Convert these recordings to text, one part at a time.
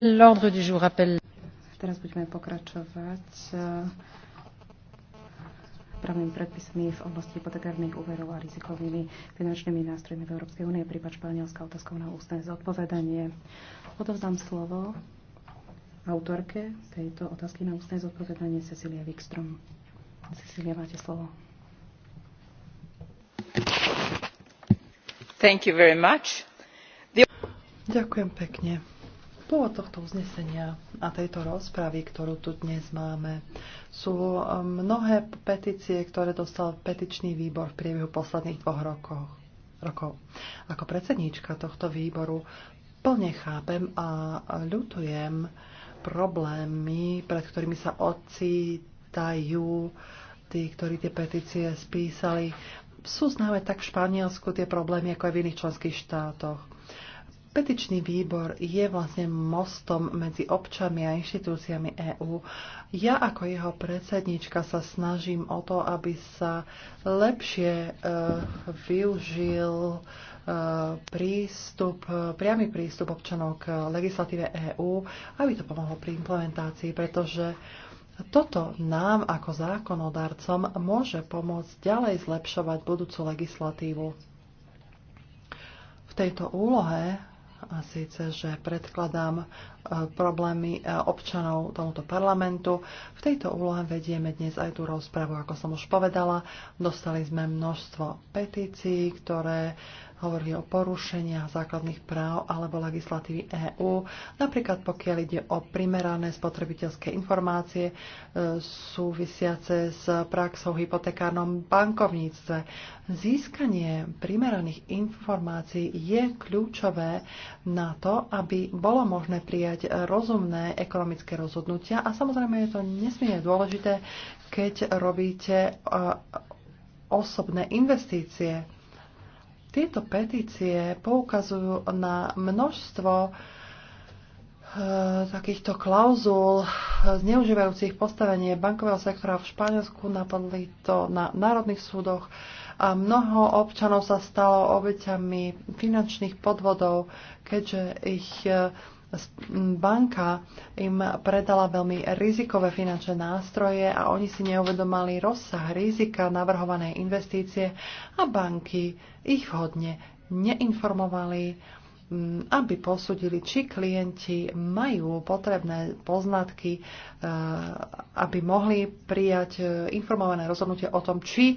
L'ordre du jour appelle... Teraz budeme pokračovať eh, právnymi predpismi v oblasti hypotekárnych úverov a rizikovými finančnými nástrojmi v Európskej únie, prípad Španielska otázkou na ústne zodpovedanie. Odovzdám slovo autorke tejto otázky na ústne zodpovedanie Cecilia Wikström. Cecilia, máte slovo. Thank you very much. The... Ďakujem pekne. Pôvod tohto uznesenia a tejto rozpravy, ktorú tu dnes máme, sú um, mnohé petície, ktoré dostal petičný výbor v priebehu posledných dvoch rokov. rokov. Ako predsedníčka tohto výboru plne chápem a ľutujem problémy, pred ktorými sa ocitajú tí, ktorí tie petície spísali. Sú známe tak v Španielsku tie problémy, ako aj v iných členských štátoch Petičný výbor je vlastne mostom medzi občami a inštitúciami EÚ. Ja ako jeho predsednička sa snažím o to, aby sa lepšie uh, využil e, prístup, priamy prístup občanov k legislatíve EÚ, aby to pomohlo pri implementácii, pretože toto nám ako zákonodarcom môže pomôcť ďalej zlepšovať budúcu legislatívu. V tejto úlohe a síce, že predkladám e, problémy e, občanov tomuto parlamentu. V tejto úlohe vedieme dnes aj tú rozpravu, ako som už povedala. Dostali sme množstvo petícií, ktoré hovorili o porušeniach základných práv alebo legislatívy EÚ. Napríklad pokiaľ ide o primerané spotrebiteľské informácie e, súvisiace s praxou v hypotekárnom bankovníctve. Získanie primeraných informácií je kľúčové na to, aby bolo možné prijať rozumné ekonomické rozhodnutia a samozrejme je to nesmierne dôležité, keď robíte e, osobné investície. Tieto petície poukazujú na množstvo eh, takýchto klauzul zneužívajúcich postavenie bankového sektora v Španielsku, napadli to na národných súdoch a mnoho občanov sa stalo obeťami finančných podvodov, keďže ich eh, banka im predala veľmi rizikové finančné nástroje a oni si neuvedomali rozsah rizika navrhovanej investície a banky ich hodne neinformovali, mm, aby posudili, či klienti majú potrebné poznatky, e, aby mohli prijať e, informované rozhodnutie o tom, či e,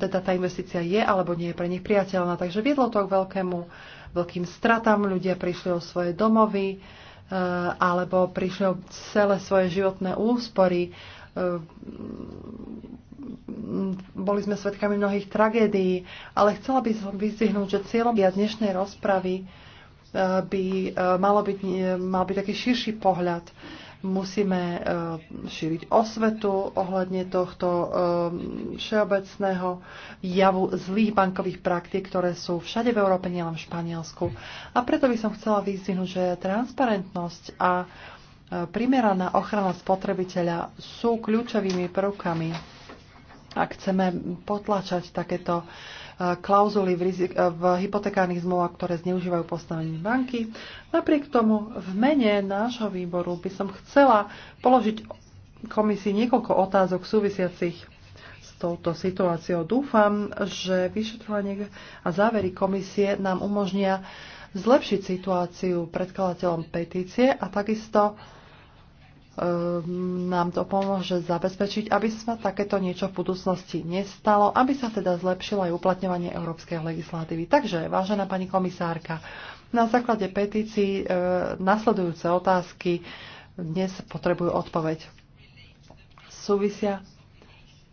teda tá investícia je alebo nie je pre nich priateľná. Takže viedlo to k veľkému veľkým stratám. Ľudia prišli o svoje domovy e, alebo prišli o celé svoje životné úspory. E, boli sme svedkami mnohých tragédií, ale chcela by som vyzvihnúť, že cieľom a dnešnej rozpravy e, by malo byť, mal byť taký širší pohľad Musíme e, šíriť osvetu ohľadne tohto e, všeobecného javu zlých bankových praktík, ktoré sú všade v Európe, nielen v Španielsku. A preto by som chcela vyzvihnúť, že transparentnosť a e, primeraná ochrana spotrebiteľa sú kľúčovými prvkami ak chceme potlačať takéto e, klauzuly v, rizik- e, v hypotekárnych zmluvách, ktoré zneužívajú postavenie banky. Napriek tomu v mene nášho výboru by som chcela položiť komisii niekoľko otázok súvisiacich s touto situáciou. Dúfam, že vyšetrovanie a závery komisie nám umožnia zlepšiť situáciu predkladateľom petície a takisto Ehm, nám to pomôže zabezpečiť, aby sa takéto niečo v budúcnosti nestalo, aby sa teda zlepšilo aj uplatňovanie európskej legislatívy. Takže, vážená pani komisárka, na základe petícií e, nasledujúce otázky dnes potrebujú odpoveď. Súvisia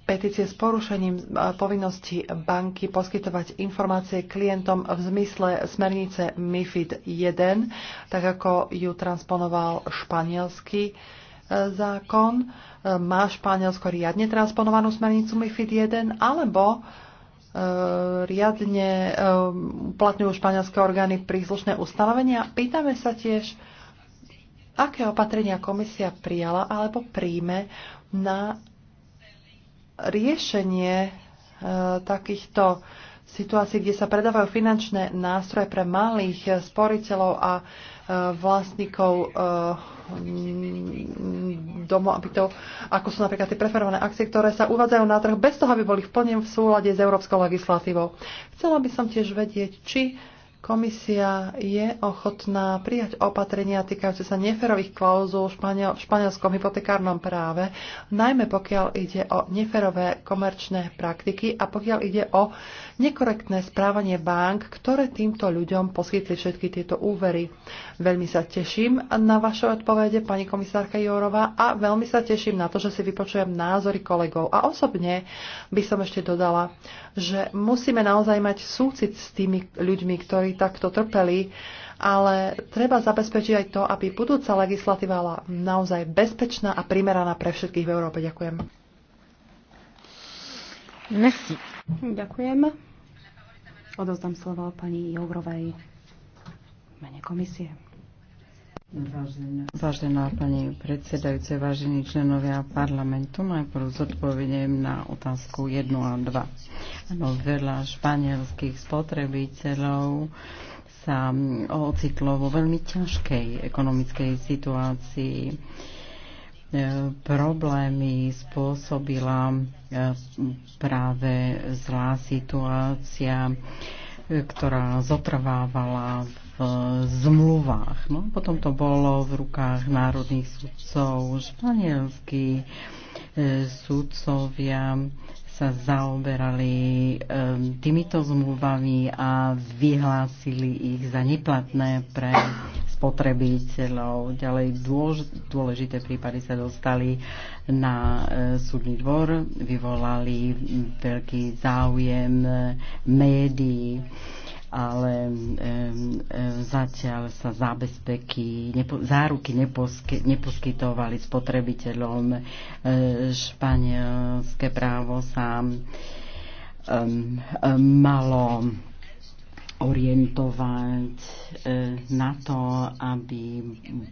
petície s porušením e, povinnosti banky poskytovať informácie klientom v zmysle smernice MIFID 1, tak ako ju transponoval španielský zákon, e, má Španielsko riadne transponovanú smernicu MIFID 1 alebo e, riadne e, uplatňujú španielské orgány príslušné ustanovenia. Pýtame sa tiež, aké opatrenia komisia prijala alebo príjme na riešenie takýchto situácií, kde sa predávajú finančné nástroje pre malých sporiteľov a vlastníkov eh, domov a bytov, ako sú napríklad tie preferované akcie, ktoré sa uvádzajú na trh bez toho, aby boli v plnom v súlade s európskou legislatívou. Chcela by som tiež vedieť, či Komisia je ochotná prijať opatrenia týkajúce sa neferových klauzul v, španiel, v španielskom hypotekárnom práve, najmä pokiaľ ide o neferové komerčné praktiky a pokiaľ ide o nekorektné správanie bank, ktoré týmto ľuďom poskytli všetky tieto úvery. Veľmi sa teším na vaše odpovede, pani komisárka Jórova, a veľmi sa teším na to, že si vypočujem názory kolegov. A osobne by som ešte dodala, že musíme naozaj mať súcit s tými ľuďmi, ktorí takto trpeli, ale treba zabezpečiť aj to, aby budúca legislatíva bola naozaj bezpečná a primeraná pre všetkých v Európe. Ďakujem. Merci. Ďakujem. Odozdám slovo pani Jourovej mene komisie. Vážená. pani predsedajúce, vážení členovia parlamentu, najprv zodpovedem na otázku 1 a 2. Ano, veľa španielských spotrebiteľov sa ocitlo vo veľmi ťažkej ekonomickej situácii e, problémy spôsobila e, práve zlá situácia, e, ktorá zotrvávala v Eh, zmluvách. No, potom to bolo v rukách národných sudcov. Španielskí eh, sudcovia sa zaoberali eh, týmito zmluvami a vyhlásili ich za neplatné pre spotrebiteľov. Ďalej dôležité prípady sa dostali na súdny dvor, vyvolali veľký záujem médií ale zatiaľ sa zábezpeky, nepo, záruky neposky, neposkytovali spotrebiteľom. E, španielské právo sa e, e, malo orientovať e, na to, aby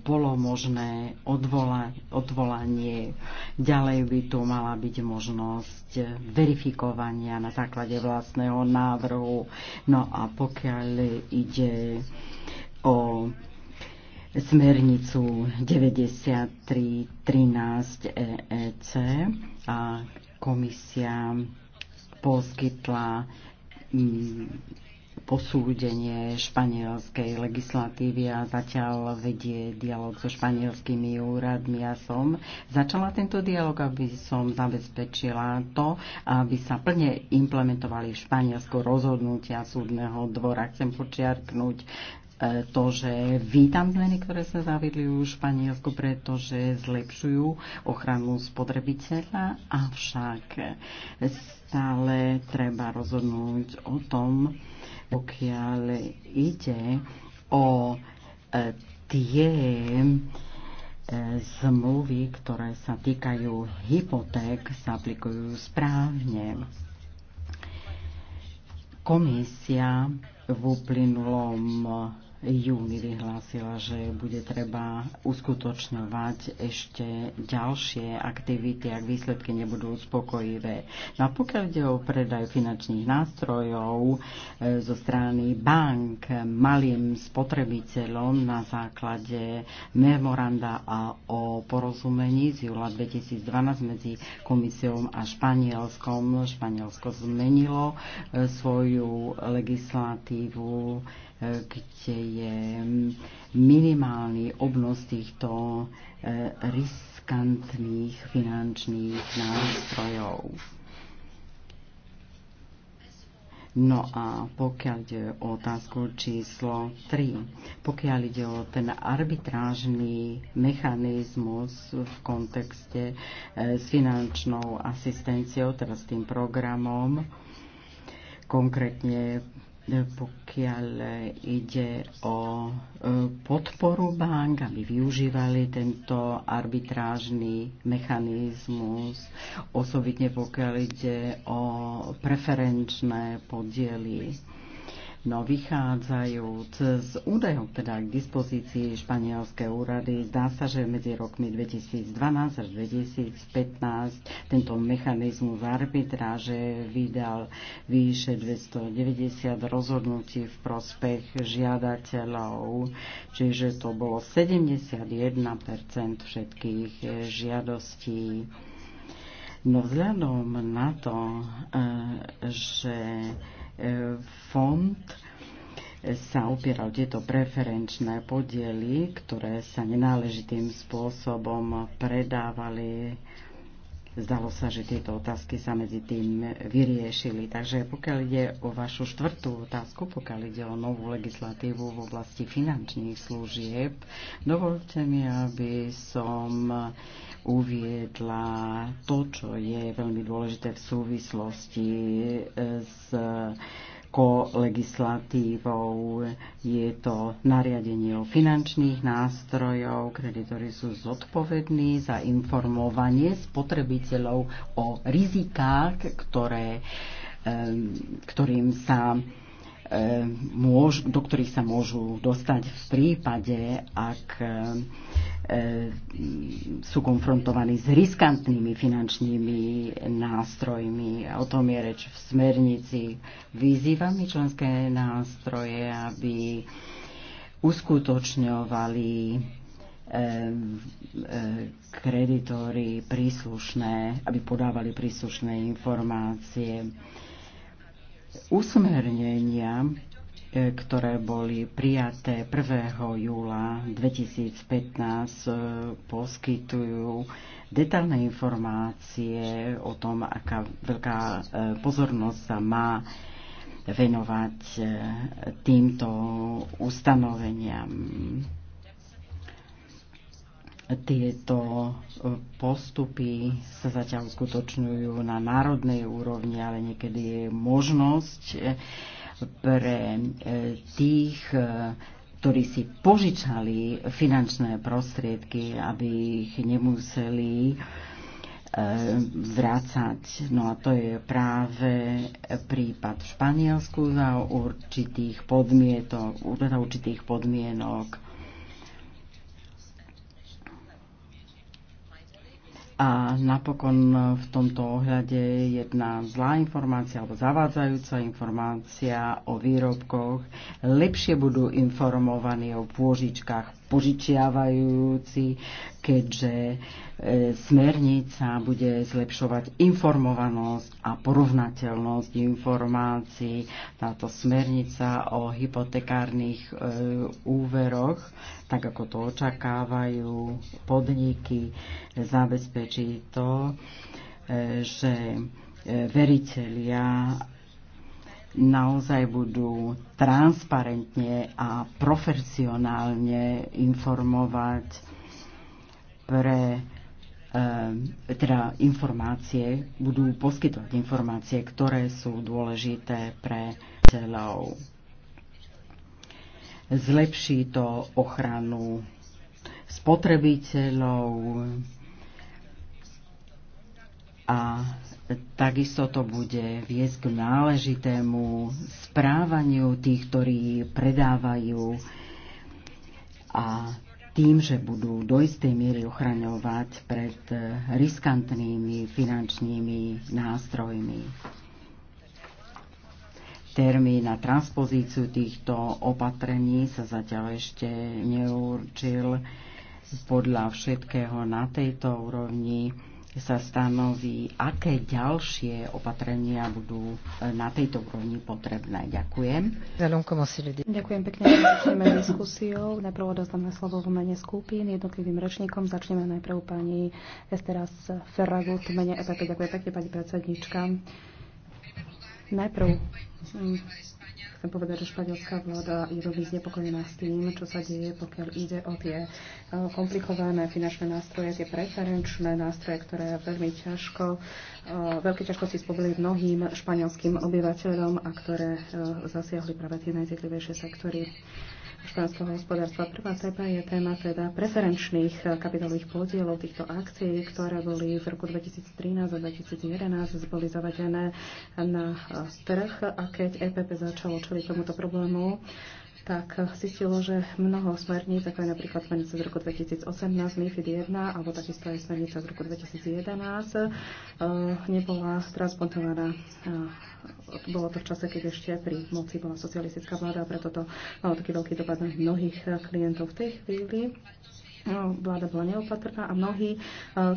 bolo možné odvola- odvolanie. Ďalej by tu mala byť možnosť verifikovania na základe vlastného návrhu. No a pokiaľ ide o smernicu 93.13 EEC a komisia poskytla mm, posúdenie španielskej legislatívy a zatiaľ vedie dialog so španielskými úradmi. Ja som začala tento dialog, aby som zabezpečila to, aby sa plne implementovali v Španielsku rozhodnutia súdneho dvora. Chcem počiarknúť e, to, že vítam zmeny, ktoré sa zavedli v Španielsku, pretože zlepšujú ochranu spotrebiteľa, avšak stále treba rozhodnúť o tom, pokiaľ ide o e, tie e, zmluvy, ktoré sa týkajú hypoték, sa aplikujú správne. Komisia v uplynulom júni vyhlásila, že bude treba uskutočňovať ešte ďalšie aktivity, ak výsledky nebudú uspokojivé. No a pokiaľ ide o predaj finančných nástrojov e, zo strany bank malým spotrebiteľom na základe memoranda a o porozumení z júla 2012 medzi komisiou a Španielskom. Španielsko zmenilo e, svoju legislatívu kde je minimálny obnos týchto e, riskantných finančných nástrojov. No a pokiaľ ide o otázku číslo 3, pokiaľ ide o ten arbitrážny mechanizmus v kontexte e, s finančnou asistenciou, teraz tým programom, konkrétne E, pokiaľ e, ide o e, podporu bank, aby využívali tento arbitrážny mechanizmus, osobitne pokiaľ ide o preferenčné podiely No vychádzajúc z údajov, teda k dispozícii španielské úrady, zdá sa, že medzi rokmi 2012 až 2015 tento mechanizmus arbitráže vydal výše 290 rozhodnutí v prospech žiadateľov, čiže to bolo 71% všetkých žiadostí. No vzhľadom na to, eh, že E, fond sa opieral tieto preferenčné podiely, ktoré sa nenáležitým spôsobom predávali Zdalo sa, že tieto otázky sa medzi tým vyriešili. Takže pokiaľ ide o vašu štvrtú otázku, pokiaľ ide o novú legislatívu v oblasti finančných služieb, dovolte mi, aby som uviedla to, čo je veľmi dôležité v súvislosti s legislatívou. Je to nariadenie o finančných nástrojov. Kreditori sú zodpovední za informovanie spotrebiteľov o rizikách, ktoré, ktorým sa E, môž, do ktorých sa môžu dostať v prípade, ak e, e, sú konfrontovaní s riskantnými finančnými nástrojmi. O tom je reč v smernici. Vyzývame členské nástroje, aby uskutočňovali kreditori príslušné, aby podávali príslušné informácie usmernenia, e, ktoré boli prijaté 1. júla 2015, e, poskytujú detálne informácie o tom, aká veľká e, pozornosť sa má venovať týmto ustanoveniam tieto e, postupy sa zatiaľ skutočňujú na národnej úrovni, ale niekedy je možnosť e, pre e, tých, ktorí si požičali finančné prostriedky, aby ich nemuseli vrácať. No a to je práve prípad v Španielsku za určitých podmietok, teda určitých podmienok A napokon v tomto ohľade jedna zlá informácia alebo zavádzajúca informácia o výrobkoch. Lepšie budú informovaní o pôžičkách požičiavajúci, keďže smernica bude zlepšovať informovanosť a porovnateľnosť informácií. Táto smernica o hypotekárnych e, úveroch, tak ako to očakávajú podniky, zabezpečí to, e, že e, veriteľia naozaj budú transparentne a profesionálne informovať pre Ehm, teda informácie, budú poskytovať informácie, ktoré sú dôležité pre celou. Zlepší to ochranu spotrebiteľov a takisto to bude viesť k náležitému správaniu tých, ktorí predávajú a tým, že budú do istej miery ochraňovať pred eh, riskantnými finančnými nástrojmi. Termín na transpozíciu týchto opatrení sa zatiaľ ešte neurčil podľa všetkého na tejto úrovni sa stanoví, aké ďalšie opatrenia budú e, na tejto úrovni potrebné. Ďakujem. Ďakujem pekne. Začneme diskusiou. Najprv odozdáme slovo v mene skupín jednotlivým rečníkom. Začneme najprv pani Esteras Ferragut v mene EPP. Ďakujem pekne, pani predsednička. Najprv mm, Chcem povedať, že španielská vláda je veľmi znepokojená s tým, čo sa deje, pokiaľ ide o tie eh, komplikované finančné nástroje, tie preferenčné nástroje, ktoré veľmi ťažko, eh, veľké ťažkosti spobili mnohým španielským obyvateľom a ktoré eh, zasiahli práve tie najcitlivejšie sektory štátskeho hospodárstva. Prvá téma je téma teda preferenčných eh, kapitálových podielov týchto akcií, ktoré boli v roku 2013 a 2011 boli zavadené na eh, trh a keď EPP začalo čeliť tomuto problému, tak zistilo, že mnoho smerníc, ako je napríklad smernica z roku 2018, MIFID 1, alebo takisto aj smernica z roku 2011, eh, nebola transpontovaná. Eh, bolo to v čase, keď ešte pri moci bola socialistická vláda a preto to malo taký veľký dopad na mnohých eh, klientov v tej chvíli vláda bola neopatrná a mnohí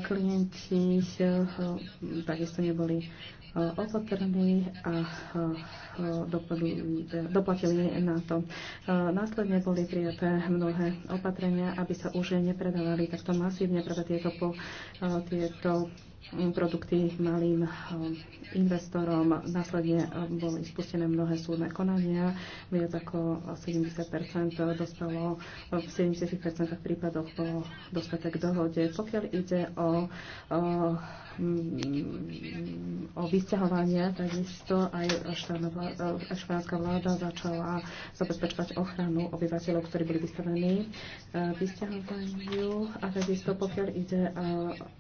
klienti takisto neboli Eh, opatrní a eh, eh, doplatili na to. Následne boli prijaté mnohé opatrenia, aby sa už nepredávali takto masívne práve tieto, po, tieto produkty malým investorom. Následne boli spustené mnohé súdne konania. Viac ako 70 dostalo v 70 prípadoch bolo dostatek k dohode. Pokiaľ ide o, o Mm, o vysťahovania, takisto aj španielská e, vláda začala zabezpečovať ochranu obyvateľov, ktorí boli vystavení e, vysťahovaniu a takisto pokiaľ ide e,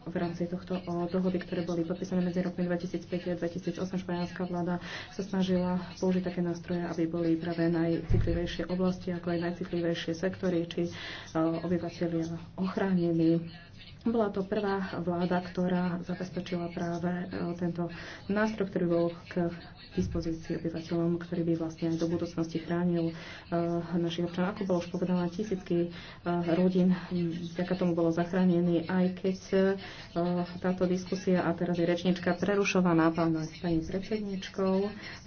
v rámci tohto o dohody, ktoré boli podpísané medzi rokmi 2005 a 2008, španielská vláda sa snažila použiť také nástroje, aby boli práve najcitlivejšie oblasti, ako aj najcitlivejšie sektory, či obyvateľia ochránení bola to prvá vláda, ktorá zabezpečila práve e, tento nástroj, ktorý bol k dispozícii obyvateľom, ktorý by vlastne aj do budúcnosti chránil e, našich občanov. Ako bolo už povedané, tisícky e, rodín vďaka tomu bolo zachránený, aj keď táto diskusia, a teraz je rečnička prerušovaná s pani predsedničkou,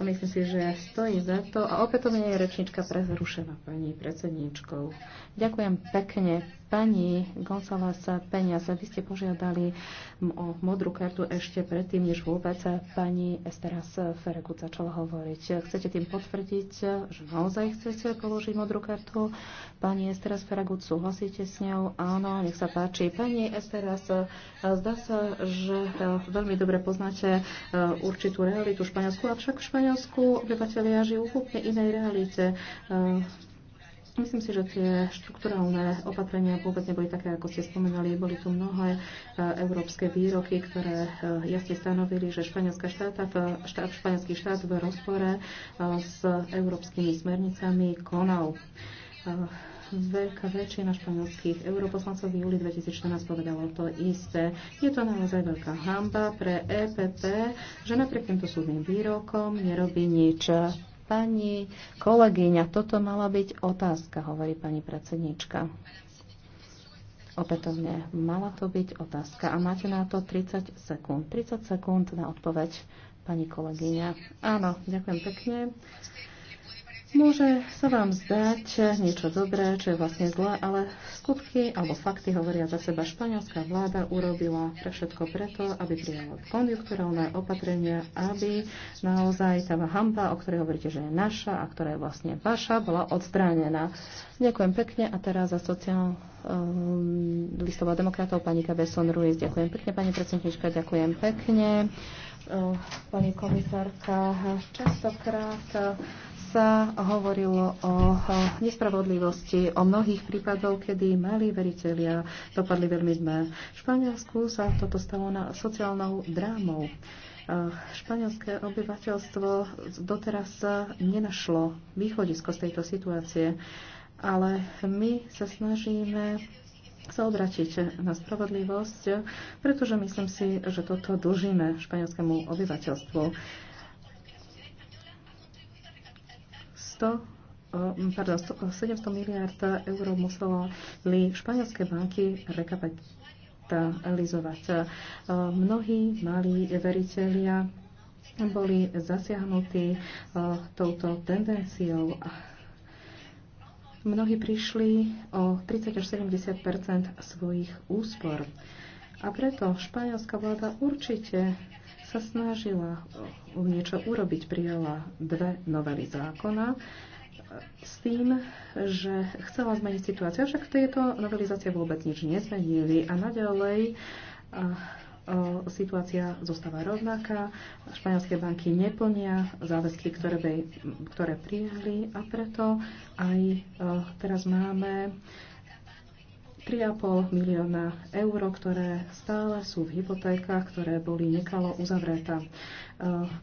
a myslím si, že stojí za to. A opätovne je rečnička prerušená pani predsedničkou. Ďakujem pekne Pani González Peňaz, vy ste požiadali o modrú kartu ešte predtým, než vôbec pani Esteras Feregut začala hovoriť. Chcete tým potvrdiť, že naozaj chcete položiť modrú kartu? Pani Esteras Feregut, súhlasíte s ňou? Áno, nech sa páči. Pani Esteras, zdá sa, že veľmi dobre poznáte eh, určitú realitu Španielsku, avšak v Španielsku obyvateľia žijú v úplne inej realite eh, Myslím si, že tie štrukturálne opatrenia vôbec neboli také, ako ste spomenali. Boli tu mnohé e, európske výroky, ktoré e, jasne stanovili, že španielská štáta štát, španielský štát v rozpore e, s európskymi smernicami konal. Veľká väčšina španielských europoslancov v júli 2014 povedalo to isté. Je to naozaj veľká hamba pre EPP, že napriek týmto súdnym výrokom nerobí nič Pani kolegyňa, toto mala byť otázka, hovorí pani predsednička. Opätovne, mala to byť otázka a máte na to 30 sekúnd. 30 sekúnd na odpoveď, pani kolegyňa. Áno, ďakujem pekne. Môže sa vám zdať niečo dobré, čo je vlastne zlé, ale skutky alebo fakty hovoria za seba. Španielská vláda urobila pre všetko preto, aby prijala konjunkturálne opatrenia, aby naozaj tá hamba, o ktorej hovoríte, že je naša a ktorá je vlastne vaša, bola odstránená. Ďakujem pekne a teraz za sociál um, ehm, listová demokratov pani Kabeson Ruiz. Ďakujem pekne, pani predsednička, ďakujem pekne. Uh, pani komisárka, častokrát sa hovorilo o nespravodlivosti, o mnohých prípadoch, kedy mali veriteľia dopadli veľmi zme. V Španielsku sa toto stalo na sociálnou drámou. Španielské obyvateľstvo doteraz nenašlo východisko z tejto situácie, ale my sa snažíme sa obratiť na spravodlivosť, pretože myslím si, že toto dlžíme španielskému obyvateľstvu. 100, pardon, 700 miliard eur muselo li španielské banky rekapitalizovať. Mnohí malí veriteľia boli zasiahnutí touto tendenciou mnohí prišli o 30 až 70 svojich úspor. A preto španielská vláda určite sa snažila niečo urobiť. Prijala dve novely zákona eh, s tým, že chcela zmeniť situáciu. Avšak tieto novelizácie vôbec nič nezmenili a naďalej eh, eh, situácia zostáva rovnaká, španielské banky neplnia záväzky, ktoré, by, ktoré prijali a preto aj teraz máme 3,5 milióna eur, ktoré stále sú v hypotékach, ktoré boli nekalo uzavretá. Eh,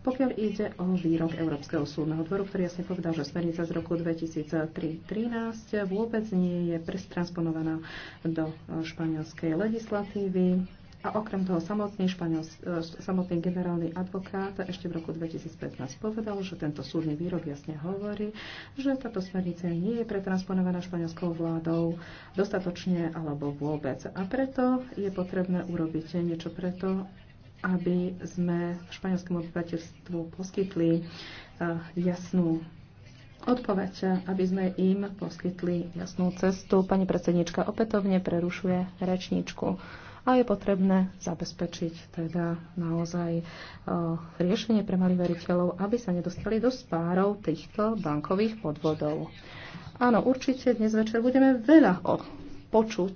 pokiaľ ide o výrok Európskeho súdneho dvoru, ktorý jasne povedal, že smernica z roku 2013 vôbec nie je prestransponovaná do španielskej legislatívy, a okrem toho samotný, španiel, e, samotný generálny advokát ešte v roku 2015 povedal, že tento súdny výrok jasne hovorí, že táto smernica nie je pretransponovaná španielskou vládou dostatočne alebo vôbec. A preto je potrebné urobiť niečo preto, aby sme španielskému obyvateľstvu poskytli e, jasnú odpoveď, aby sme im poskytli jasnú cestu. Pani predsednička opätovne prerušuje rečníčku a je potrebné zabezpečiť teda naozaj e, riešenie pre malých veriteľov, aby sa nedostali do spárov týchto bankových podvodov. Áno, určite dnes večer budeme veľa o počuť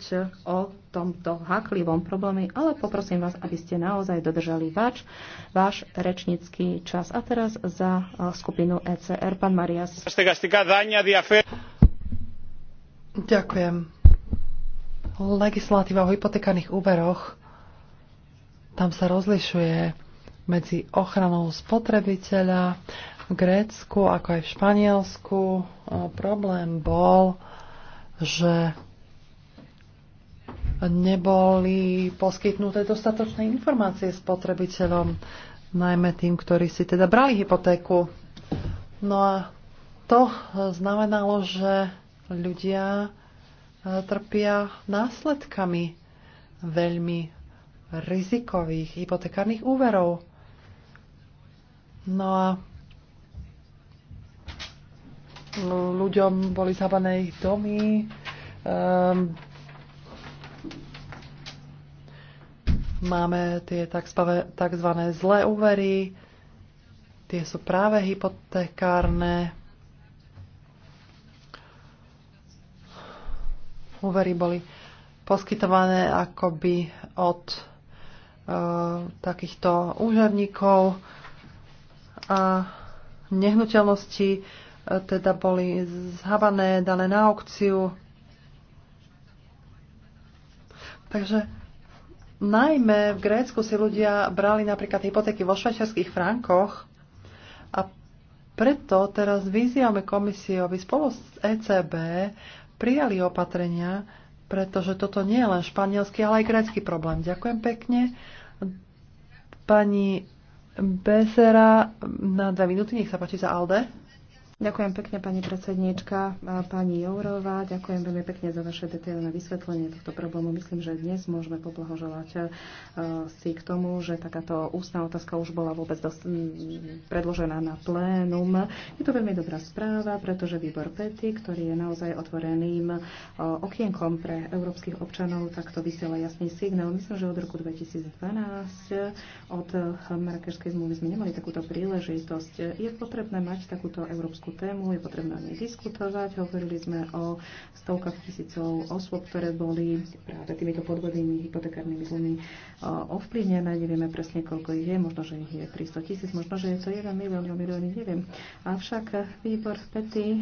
o tomto haklivom probléme, ale poprosím vás, aby ste naozaj dodržali váš, váš rečnícky čas. A teraz za e, skupinu ECR, pán Marias. Ďakujem. Legislatíva o hypotekárnych úveroch, tam sa rozlišuje medzi ochranou spotrebiteľa v Grécku, ako aj v Španielsku. Problém bol, že neboli poskytnuté dostatočné informácie spotrebiteľom, najmä tým, ktorí si teda brali hypotéku. No a to znamenalo, že ľudia trpia následkami veľmi rizikových hypotekárnych úverov. No a ľuďom boli zabané ich domy, um, máme tie tzv. zlé úvery, tie sú práve hypotekárne, úvery boli poskytované akoby od e, takýchto úžarníkov a nehnuteľnosti e, teda boli zhavané, dané na aukciu. Takže najmä v Grécku si ľudia brali napríklad hypotéky vo švajčiarských frankoch a preto teraz vyzývame komisiu, aby spolu s ECB prijali opatrenia, pretože toto nie je len španielský, ale aj grécky problém. Ďakujem pekne. Pani Bezera na dve minúty, nech sa páči za Alde. Ďakujem pekne, pani predsedníčka, pani Jourová. Ďakujem veľmi pekne za vaše detailné vysvetlenie tohto problému. Myslím, že dnes môžeme poblahoželať e, si k tomu, že takáto ústna otázka už bola vôbec dos- predložená na plénum. Je to veľmi dobrá správa, pretože výbor PETI, ktorý je naozaj otvoreným e, okienkom pre európskych občanov, takto vysiela jasný signál. Myslím, že od roku 2012, od Marrakešskej zmluvy sme nemali takúto príležitosť. Je potrebné mať takúto európsku tému, je potrebné o nej diskutovať. Hovorili sme o stovkách tisícov osôb, ktoré boli práve týmito podvodnými hypotekárnymi zlými e, ovplyvnené. Nevieme presne, koľko ich je, možno, že ich je 300 tisíc, možno, že je to 1 milión, 2 milióny, neviem. Avšak výbor Pety e,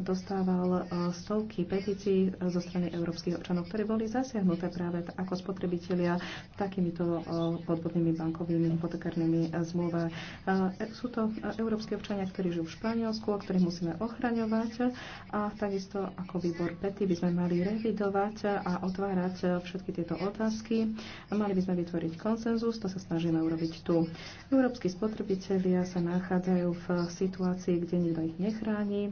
dostával e, stovky petícií zo strany európskych občanov, ktoré boli zasiahnuté práve ako spotrebitelia takýmito podvodnými bankovými hypotekárnymi zmluvami. Sú to európske občania, ktorí žijú v Španielsku, právo, ktoré musíme ochraňovať a takisto ako výbor PETI by sme mali revidovať a otvárať všetky tieto otázky. Mali by sme vytvoriť konsenzus, to sa snažíme urobiť tu. Európsky spotrebitelia sa nachádzajú v situácii, kde nikto ich nechráni.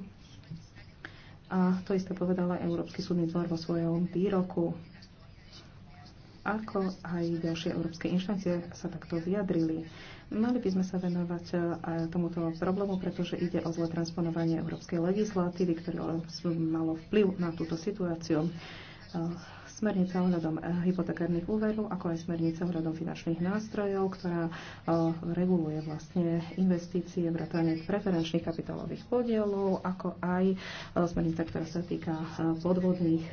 A to isté povedala Európsky súdny dvor vo svojom výroku ako aj ďalšie európske inštancie sa takto vyjadrili. Mali by sme sa venovať e, aj tomuto problému, pretože ide o zlé transponovanie európskej legislatívy, ktoré malo vplyv na túto situáciu. E, smernica ohľadom e, hypotekárnych úverov, ako aj smernica ohľadom finančných nástrojov, ktorá reguluje vlastne investície, vrátanie preferenčných kapitálových podielov, ako aj smernica, ktorá sa týka podvodných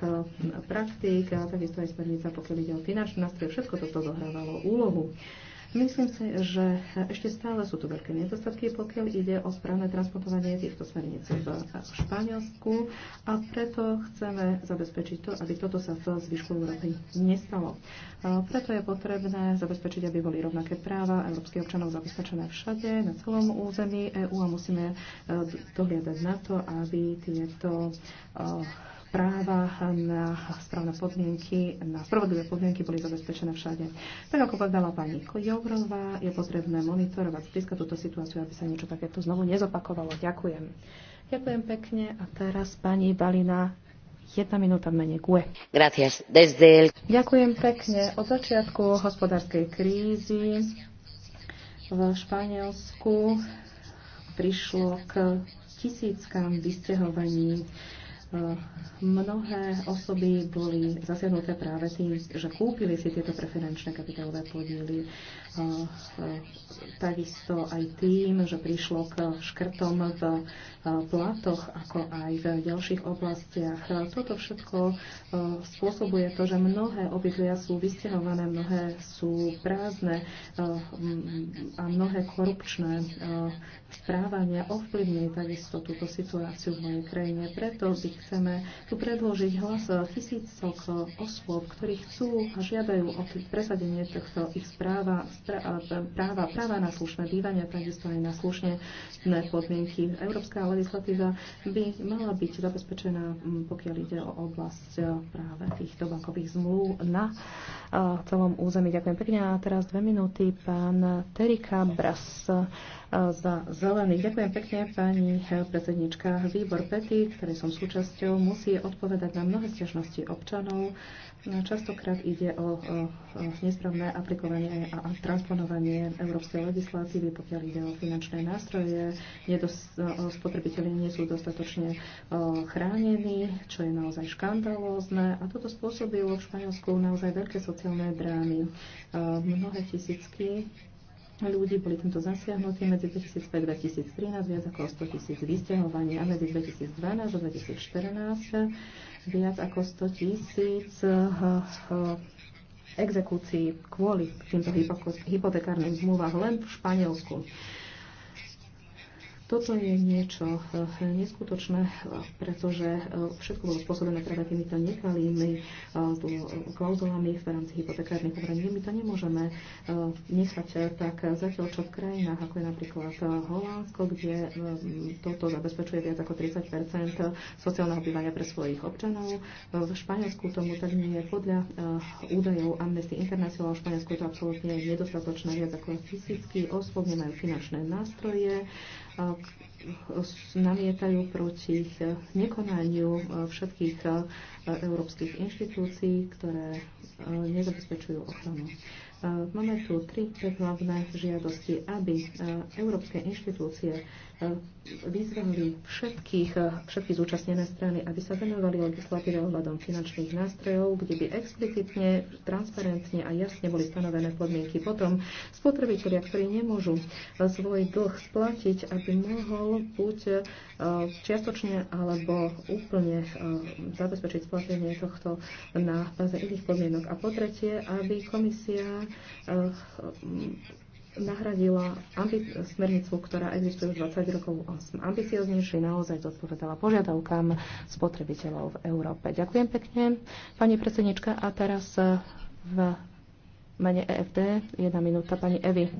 praktík, takisto aj smernica, pokiaľ ide o finančné nástroje. Všetko toto zohrávalo úlohu. Myslím si, že ešte stále sú tu veľké nedostatky, pokiaľ ide o správne transportovanie týchto smerníc v Španielsku a preto chceme zabezpečiť to, aby toto sa v zvyšku Európy nestalo. Preto je potrebné zabezpečiť, aby boli rovnaké práva európskych občanov zabezpečené všade, na celom území EÚ a musíme e, dohliadať na to, aby tieto e, práva na správne podmienky, na spravodlivé podmienky boli zabezpečené všade. Tak ako povedala pani Jourová, je potrebné monitorovať zblízka túto situáciu, aby sa niečo takéto znovu nezopakovalo. Ďakujem. Ďakujem pekne a teraz pani Balina jedna minúta menej. kue. Gracias. Desde el... Ďakujem pekne. Od začiatku hospodárskej krízy v Španielsku prišlo k tisíckam vysťahovaní Eh, mnohé osoby boli zasiahnuté práve tým, že kúpili si tieto preferenčné kapitálové podiely. Eh, takisto aj tým, že prišlo k škrtom v eh, platoch, ako aj v ďalších oblastiach. Toto všetko spôsobuje to, že mnohé obydlia sú vysťahované, mnohé sú prázdne mm, a mnohé korupčné správania ovplyvňujú takisto túto situáciu v mojej krajine. Preto by chceme tu predložiť hlas tisícok osôb, ktorí chcú a žiadajú o presadenie tohto ich práva, práva, práva na slušné bývanie, takisto aj na slušné podmienky. Európska legislatíva by mala byť zabezpečená, pokiaľ ide o oblasť práve týchto bankových zmluv na celom území. Ďakujem pekne. A teraz dve minúty pán Terika Bras za zelených. Ďakujem pekne, pani predsednička. Výbor PETI, ktorý som súčasťou, musí odpovedať na mnohé stiažnosti občanov. Častokrát ide o, nesprávne aplikovanie a, transponovanie európskej legislatívy, pokiaľ ide o finančné nástroje. Spotrebiteľi spotrebitelia nie sú dostatočne chránení, čo je naozaj škandalózne. A toto spôsobilo v Španielsku naozaj veľké sociálne drámy. Mnohé tisícky ľudí boli týmto zasiahnutí medzi 2005 a 2013 viac ako 100 tisíc vysťahovaní a medzi 2012 a 2014 viac ako 100 tisíc eh, eh, exekúcií kvôli týmto hypotekárnym zmluvám len v Španielsku. Toto je niečo eh, neskutočné, eh, pretože eh, všetko bolo spôsobené práve týmito nekalými klauzulami v rámci hypotekárnych obraní. My to nemôžeme nechať tak zatiaľ, čo v krajinách, ako je napríklad Holandsko, kde toto zabezpečuje viac ako 30 sociálneho bývania pre svojich občanov. V Španielsku tomu tak nie je. Podľa údajov Amnesty International v Španielsku je to absolútne nedostatočné. Viac ako fyzicky, osôb nemajú finančné nástroje namietajú proti nekonaniu e, všetkých e, európskych inštitúcií, ktoré e, nezabezpečujú ochranu. Máme tu tri hlavné žiadosti, aby európske inštitúcie vyzvali všetkých, všetky zúčastnené strany, aby sa venovali legislatíve ohľadom finančných nástrojov, kde by explicitne, transparentne a jasne boli stanovené podmienky. Potom spotrebitelia, ktorí nemôžu eh, svoj dlh splatiť, aby mohol buď eh, čiastočne alebo úplne eh, zabezpečiť splatenie tohto na báze iných podmienok. A po tretie, aby komisia nahradila smernicu, ktorá existuje už 20 rokov, ambicioznejšie naozaj zodpovedala požiadavkám spotrebiteľov v Európe. Ďakujem pekne, pani predsednička. A teraz eh, v mene EFD jedna minúta pani Evi.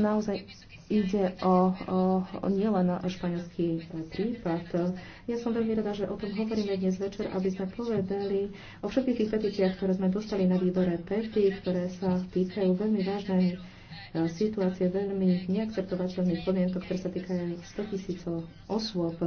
Naozaj ide o, o, o nielen španielský e, prípad. Ja som veľmi rada, že o tom hovoríme dnes večer, aby sme povedali o všetkých tých petíciách, ktoré sme dostali na výbore PETI, ktoré sa týkajú veľmi vážnej situácie veľmi neakceptovateľných podmienok, ktoré sa týkajú 100 tisícov osôb,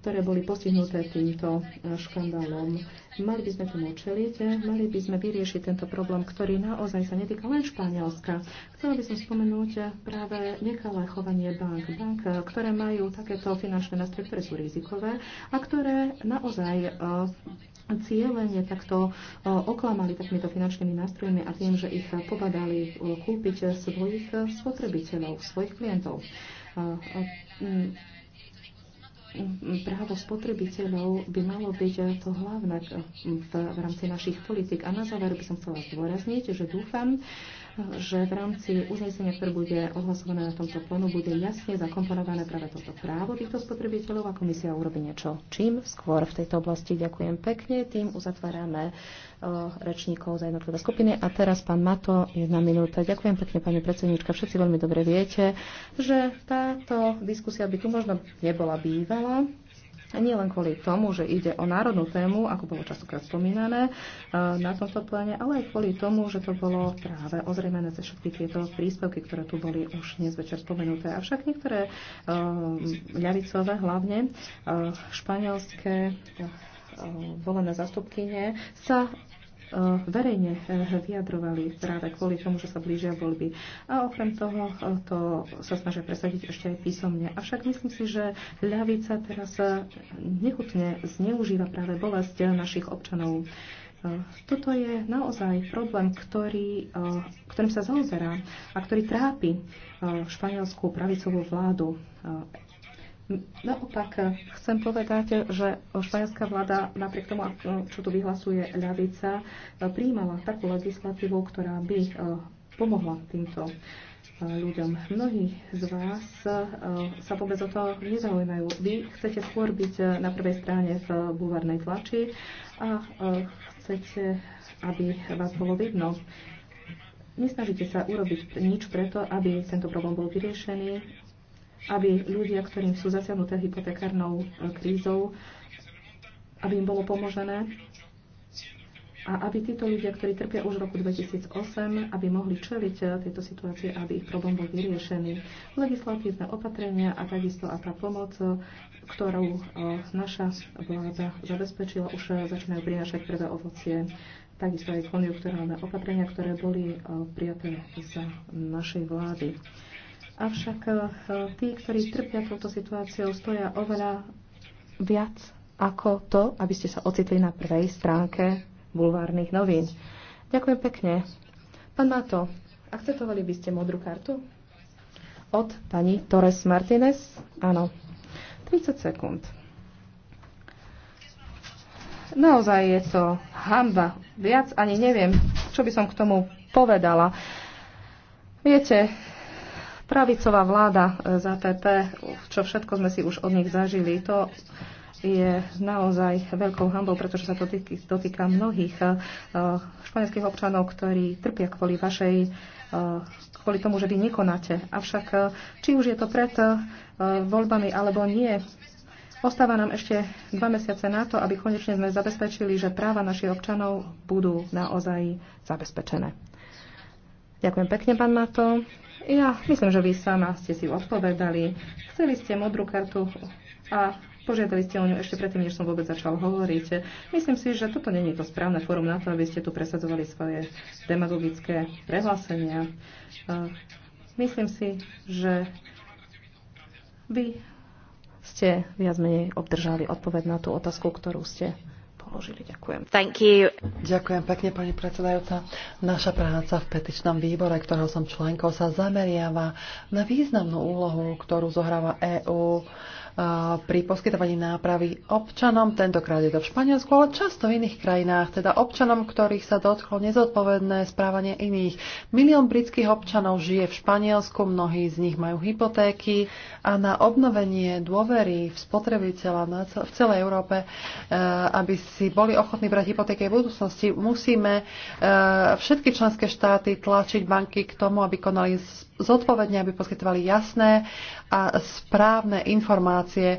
ktoré boli postihnuté týmto e, škandálom. Mali by sme tomu čeliť, mali by sme vyriešiť tento problém, ktorý naozaj sa netýka len Španielska. Chcela by som spomenúť práve nekalé chovanie bank. Bank, e, ktoré majú takéto finančné nástroje, ktoré sú rizikové a ktoré naozaj e, cieľene takto oklamali takýmito finančnými nástrojmi a tým, že ich pobadali kúpiť svojich e, spotrebiteľov, svojich klientov. E, e, právo spotrebiteľov by malo byť to hlavné v, v rámci našich politik. A na záver by som chcela zdôrazniť, že dúfam, že v rámci uznesenia, ktoré bude ohlasované na tomto plnu, bude jasne zakomponované práve toto právo týchto spotrebiteľov a komisia urobi niečo čím skôr v tejto oblasti. Ďakujem pekne. Tým uzatvárame eh, rečníkov za jednotlivé skupiny. A teraz pán Mato, jedna minúta. Ďakujem pekne, pani predsednička. Všetci veľmi dobre viete, že táto diskusia by tu možno nebola bývala, a nie len kvôli tomu, že ide o národnú tému, ako bolo častokrát spomínané e, na tomto pláne, ale aj kvôli tomu, že to bolo práve ozrejmené cez všetky tieto príspevky, ktoré tu boli už dnes večer spomenuté. Avšak niektoré e, ľavicové, hlavne e, španielské volené zastupkyne sa E, verejne vyjadrovali práve kvôli tomu, že sa blížia voľby. A okrem toho e, to sa snažia presadiť ešte aj písomne. Avšak myslím si, že ľavica teraz nechutne zneužíva práve bolesť našich občanov. E, toto je naozaj problém, ktorý, ktorým sa zaoberá a ktorý trápi španielskú pravicovú vládu Naopak, chcem povedať, že španielská vláda, napriek tomu, čo tu vyhlasuje ľavica, príjmala takú legislatívu, ktorá by e, pomohla týmto e, ľuďom. Mnohí z vás e, sa vôbec o to nezaujímajú. Vy chcete skôr byť na prvej strane v bulvárnej tlači a chcete, aby vás bolo vidno. Nesnažíte sa urobiť nič preto, aby tento problém bol vyriešený aby ľudia, ktorým sú zasiahnuté hypotekárnou e, krízou, aby im bolo pomožené a aby títo ľudia, ktorí trpia už v roku 2008, aby mohli čeliť e, tejto situácii, aby ich problém bol vyriešený. Legislatívne opatrenia a takisto a tá pomoc, e, ktorú naša vláda zabezpečila, už začínajú prinášať prvé ovocie. Takisto aj konjunkturálne opatrenia, ktoré boli prijaté za našej vlády. Avšak eh, tí, ktorí trpia touto situáciou, stoja oveľa viac ako to, aby ste sa ocitli na prvej stránke bulvárnych novín. Ďakujem pekne. Pán Mato, akceptovali by ste modrú kartu? Od pani Torres Martinez? Áno. 30 sekúnd. Naozaj je to hamba. Viac ani neviem, čo by som k tomu povedala. Viete, Pravicová vláda e, ATP, čo všetko sme si už od nich zažili, to je naozaj veľkou hambou, pretože sa to dotýka mnohých e, španielských občanov, ktorí trpia kvôli vašej e, kvôli tomu, že vy nekonáte. Avšak či už je to pred voľbami alebo nie, ostáva nám ešte dva mesiace na to, aby konečne sme zabezpečili, že práva našich občanov budú naozaj zabezpečené. Ďakujem pekne, pán Mato. Ja myslím, že vy sama ste si odpovedali. Chceli ste modrú kartu a Požiadali ste o ňu ešte predtým, než som vôbec začal hovoriť. Myslím si, že toto není to správne fórum na to, aby ste tu presadzovali svoje demagogické prehlásenia. Myslím si, že vy ste viac menej obdržali odpoveď na tú otázku, ktorú ste položili. Ďakujem. Thank you. Ďakujem pekne, pani predsedajúca. Naša práca v petičnom výbore, ktorého som členkou, sa zameriava na významnú úlohu, ktorú zohráva EÚ pri poskytovaní nápravy občanom, tentokrát je to v Španielsku, ale často v iných krajinách, teda občanom, ktorých sa dotklo nezodpovedné správanie iných. Milión britských občanov žije v Španielsku, mnohí z nich majú hypotéky a na obnovenie dôvery v spotrebiteľa v celej Európe, e, aby si boli ochotní brať hypotéky v budúcnosti, musíme e, všetky členské štáty tlačiť banky k tomu, aby konali zodpovedne, aby poskytovali jasné a správne informácie. E,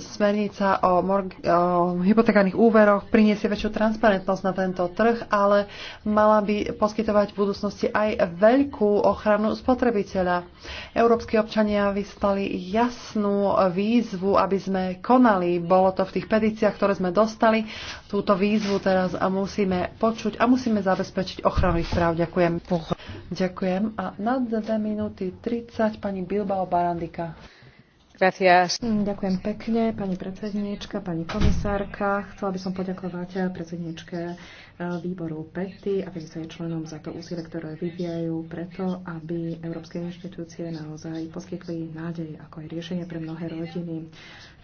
smernica o, o hypotekárnych úveroch priniesie väčšiu transparentnosť na tento trh, ale mala by poskytovať v budúcnosti aj veľkú ochranu spotrebiteľa. Európsky občania vystali jasnú výzvu, aby sme konali. Bolo to v tých petíciách, ktoré sme dostali. Túto výzvu teraz musíme počuť a musíme zabezpečiť ochranu ich práv. Ďakujem. Ďakujem. A na 2 minúty 30 pani Bilbao Barandika. Mm, ďakujem pekne, pani predsedníčka, pani komisárka. Chcela by som poďakovať eh, predsedníčke eh, výboru PETI a sa je členom za to úsilie, ktoré vyvíjajú preto, aby európske inštitúcie naozaj poskytli nádej ako aj riešenie pre mnohé rodiny.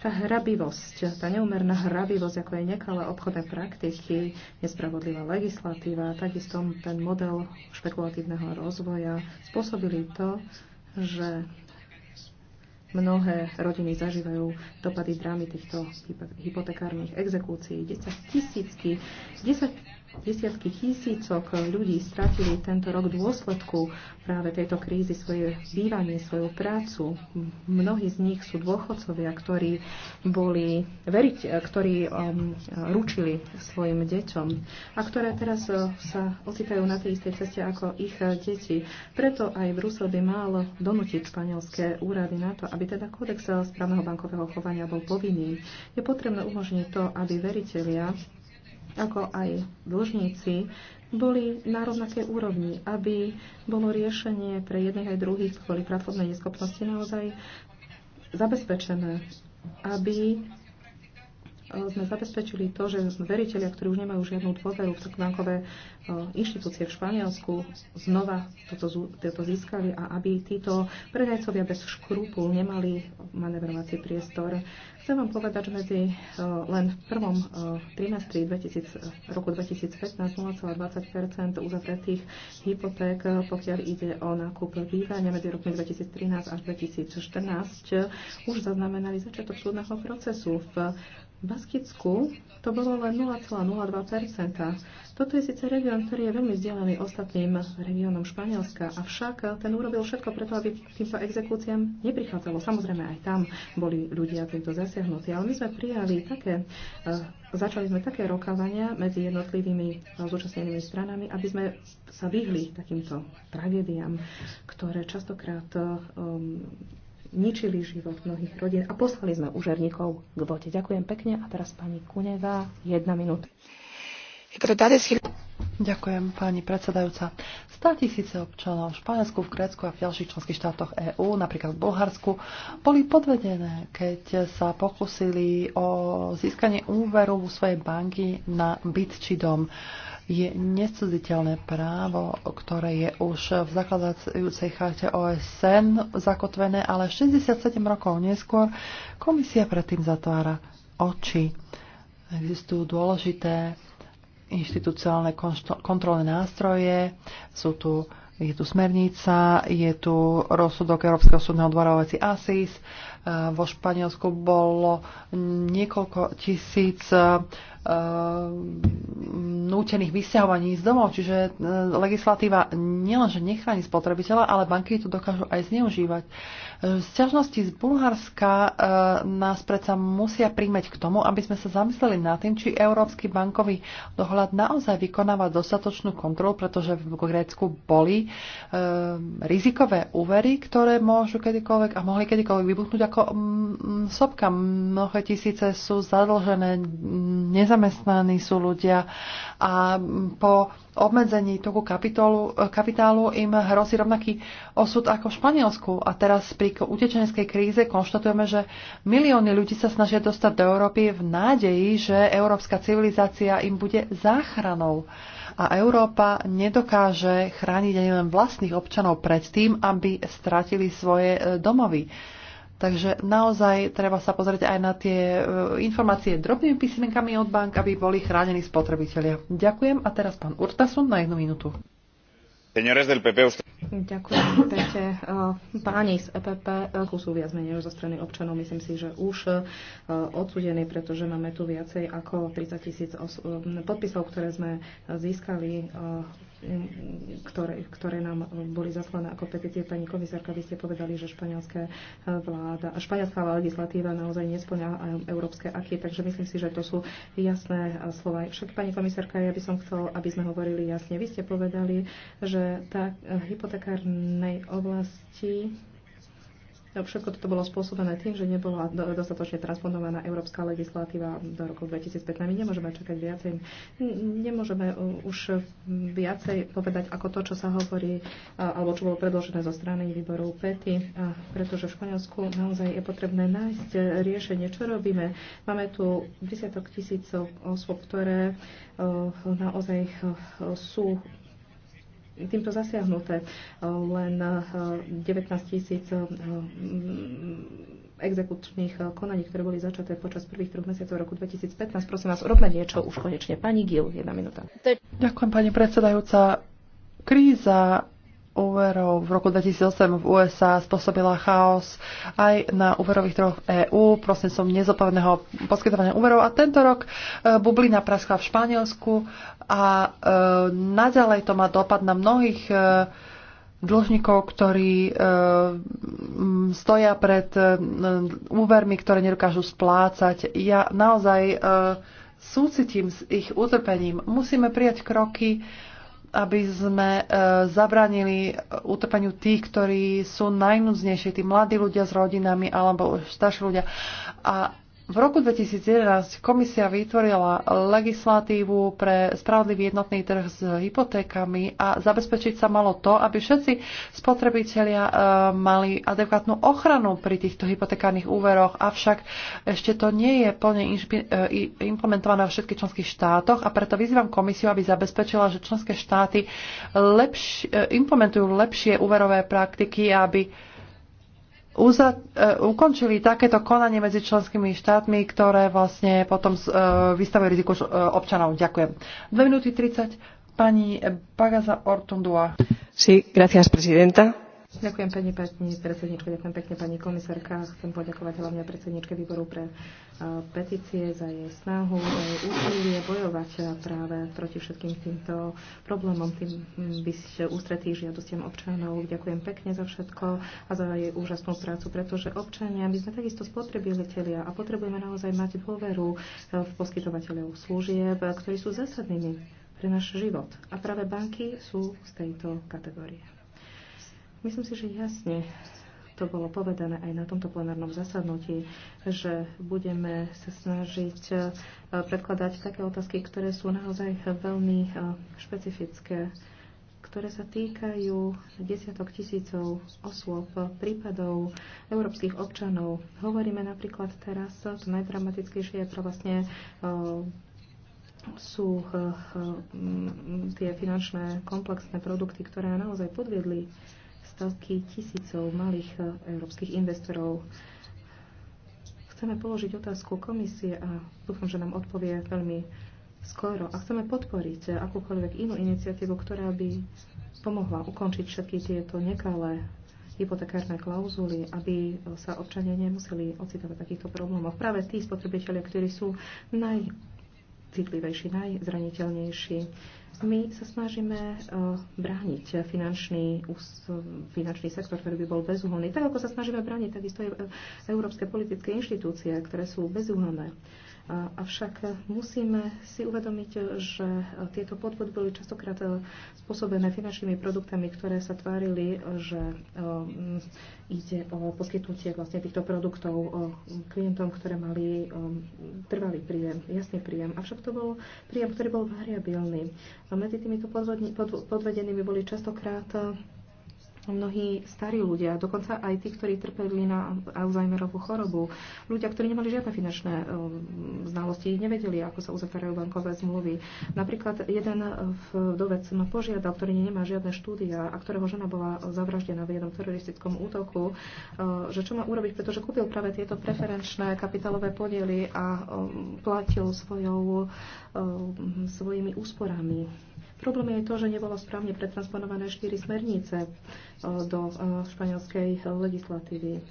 Tá hrabivosť, tá neumerná hrabivosť, ako aj nekalé obchodné praktiky, nespravodlivá legislatíva, takisto ten model špekulatívneho rozvoja spôsobili to, že Mnohé rodiny zažívajú dopady drámy týchto hypotekárnych exekúcií. 10 tisícky, 10 desiatky tisícok ľudí stratili tento rok dôsledku práve tejto krízy svoje bývanie, svoju prácu. Mnohí z nich sú dôchodcovia, ktorí boli veriť, ktorí um, ručili svojim deťom a ktoré teraz uh, sa ocitajú na tej istej ceste ako ich deti. Preto aj Brusel by mal donútiť španielské úrady na to, aby teda kódex uh, správneho bankového chovania bol povinný. Je potrebné umožniť to, aby veriteľia ako aj dlžníci, boli na rovnakej úrovni, aby bolo riešenie pre jedných aj druhých kvôli pracovnej neschopnosti naozaj zabezpečené, aby sme zabezpečili to, že veriteľia, ktorí už nemajú žiadnu dôveru v bankové eh, inštitúcie v Španielsku, znova toto, toto získali a aby títo predajcovia bez škrupul nemali manevrovací priestor. Chcem vám povedať, že medzi eh, len v prvom eh, trimestri 2000, roku 2015 0,20 uzavretých hypoték, pokiaľ ide o nákup bývania medzi rokmi 2013 až 2014, už zaznamenali začiatok súdneho procesu v v Baskicku to bolo len 0,02%. Toto je síce región, ktorý je veľmi vzdialený ostatným regiónom Španielska, avšak ten urobil všetko preto, aby týmto exekúciám neprichádzalo. Samozrejme, aj tam boli ľudia týmto zasiahnutí, ale my sme prijali také, eh, začali sme také rokovania medzi jednotlivými eh, zúčastnenými stranami, aby sme sa vyhli takýmto tragédiám, ktoré častokrát um, ničili život mnohých rodín a poslali sme úžerníkov k vode. Ďakujem pekne a teraz pani Kuneva, jedna minúta. Ďakujem, pani predsedajúca. 100 tisíce občanov v Španielsku, v Grécku a v ďalších členských štátoch EÚ, napríklad v Bulharsku, boli podvedené, keď sa pokusili o získanie úveru u svojej banky na byt či dom. Uh, je nesuditeľné právo, ktoré je už v zakladajúcej charte OSN zakotvené, ale 67 rokov neskôr komisia predtým zatvára oči. Existujú dôležité inštitucionálne kontrolné nástroje, sú tu je tu smernica, je tu rozsudok Európskeho súdneho dvora veci ASIS. E, vo Španielsku bolo niekoľko tisíc Ehm, nútených vysťahovaní z domov. Čiže e, legislatíva nielenže nechráni spotrebiteľa, ale banky to dokážu aj zneužívať. E, sťažnosti z Bulharska e, nás predsa musia príjmeť k tomu, aby sme sa zamysleli nad tým, či Európsky bankový dohľad naozaj vykonáva dostatočnú kontrolu, pretože v Grécku boli rizikové úvery, ktoré môžu kedykoľvek a mohli kedykoľvek vybuchnúť ako mm, mm, sopka. Mnohé tisíce sú zadlžené, nez nezamestnaní sú ľudia a po obmedzení toku kapitolu, kapitálu im hrozí rovnaký osud ako v Španielsku. A teraz pri utečeneckej kríze konštatujeme, že milióny ľudí sa snažia dostať do Európy v nádeji, že európska civilizácia im bude záchranou a Európa nedokáže chrániť ani len vlastných občanov pred tým, aby stratili svoje domovy. Takže naozaj treba sa pozrieť aj na tie e, informácie drobnými písmenkami od bank, aby boli chránení spotrebitelia. Ďakujem a teraz pán Urtasun na jednu minútu. Ďakujem pekne. E, páni z EPP e, sú viac menej zo strany občanov, myslím si, že už odsudení, pretože máme tu viacej ako 30 tisíc podpisov, ktoré sme získali ktoré, ktoré nám boli zaslané ako petície. Pani komisárka, vy ste povedali, že španielská eh, vláda, španielská legislatíva naozaj nesplňa eh, európske aky, takže myslím si, že to sú jasné eh, slova. Však, pani komisárka, ja by som chcel, aby sme hovorili jasne. Vy ste povedali, že tá hypotekárnej oblasti Všetko toto bolo spôsobené tým, že nebola dostatočne transponovaná európska legislatíva do roku 2015. My nemôžeme čakať viacej. Nemôžeme uh, už viacej povedať ako to, čo sa hovorí, alebo čo bolo predložené zo strany výboru PETI, pretože v Španielsku naozaj je potrebné nájsť uh, riešenie, čo robíme. Máme tu desiatok tisícov osôb, ktoré uh, naozaj sú týmto zasiahnuté. Len 19 eh, tisíc eh, mm, exekučných eh, konaní, ktoré boli začaté počas prvých troch mesiacov roku 2015. Prosím vás, robme niečo už konečne. Pani Gil, jedna minúta. Ďakujem, pani predsedajúca. Kríza úverov v roku 2008 v USA spôsobila chaos aj na úverových trhoch EÚ, EÚ som nezodpovedného poskytovania úverov a tento rok e, bublina praskla v Španielsku a e, naďalej to má dopad na mnohých e, dlžníkov, ktorí stoja pred úvermi, ktoré nedokážu splácať. Ja naozaj súcitím s ich utrpením. Musíme prijať kroky, aby sme e, zabranili e, utrpeniu tých, ktorí sú najnudznejší, tí mladí ľudia s rodinami alebo starší ľudia. A v roku 2011 komisia vytvorila legislatívu pre spravodlivý jednotný trh s hypotékami a zabezpečiť sa malo to, aby všetci spotrebitelia e, mali adekvátnu ochranu pri týchto hypotekárnych úveroch, avšak ešte to nie je plne e, implementované vo všetkých členských štátoch a preto vyzývam komisiu, aby zabezpečila, že členské štáty lepš- e, implementujú lepšie úverové praktiky, aby uza- uh, e, ukončili takéto konanie medzi členskými štátmi, ktoré vlastne potom uh, e, vystavujú riziku uh, e, občanov. Ďakujem. 2 minúty 30. Pani Pagaza Ortundua. Sí, gracias, presidenta. Ďakujem pani, pani predsednička, ďakujem pekne pani komisárka. Chcem poďakovať hlavne predsedničke výboru pre petície za jej snahu, za jej úsilie bojovať práve proti všetkým týmto problémom, tým byť ústretí žiadostiam občanov. Ďakujem pekne za všetko a za jej úžasnú prácu, pretože občania, my sme takisto spotrebiteľia a potrebujeme naozaj mať dôveru e, v poskytovateľov služieb, ktorí sú zásadnými pre náš život. A práve banky sú z tejto kategórie. Myslím si, že jasne to bolo povedané aj na tomto plenárnom zasadnutí, že budeme sa snažiť e, predkladať také otázky, ktoré sú naozaj veľmi e, špecifické, ktoré sa týkajú desiatok tisícov osôb, prípadov európskych občanov. Hovoríme napríklad teraz, to najdramatickejšie je to vlastne e, sú tie finančné komplexné produkty, ktoré naozaj podviedli stovky tisícov malých eh, európskych investorov. Chceme položiť otázku komisie a dúfam, že nám odpovie veľmi skoro. A chceme podporiť eh, akúkoľvek inú iniciatívu, ktorá by pomohla ukončiť všetky tieto nekalé hypotekárne klauzuly, aby sa občania nemuseli ocitovať takýchto problémov. Práve tí spotrebitelia, ktorí sú naj najcitlivejší, najzraniteľnejší. My sa snažíme eh, brániť finančný, finančný sektor, ktorý by bol bezúhonný. Tak ako sa snažíme brániť takisto aj eh, európske politické inštitúcie, ktoré sú bezúhonné. Avšak musíme si uvedomiť, že tieto podvody boli častokrát e, spôsobené finančnými produktami, ktoré sa tvárili, e, že e, mm, ide o poskytnutie vlastne týchto produktov klientom, ktoré mali trvalý príjem, jasný príjem. Avšak to bol príjem, ktorý bol variabilný. medzi týmito podvedenými boli častokrát mnohí starí ľudia, dokonca aj tí, ktorí trpeli na Alzheimerovú chorobu, ľudia, ktorí nemali žiadne finančné ehm, znalosti, nevedeli, ako sa uzatvárajú bankové zmluvy. Napríklad jeden eh, vdovec ma požiadal, ktorý nemá žiadne štúdia a ktorého žena bola zavraždená v jednom teroristickom útoku, eh, že čo má urobiť, pretože kúpil práve tieto preferenčné kapitálové podiely a ehm, platil svojou, ehm, svojimi úsporami Problém je to, že nebolo správne pretransponované štyri smernice e, do e, španielskej legislatívy.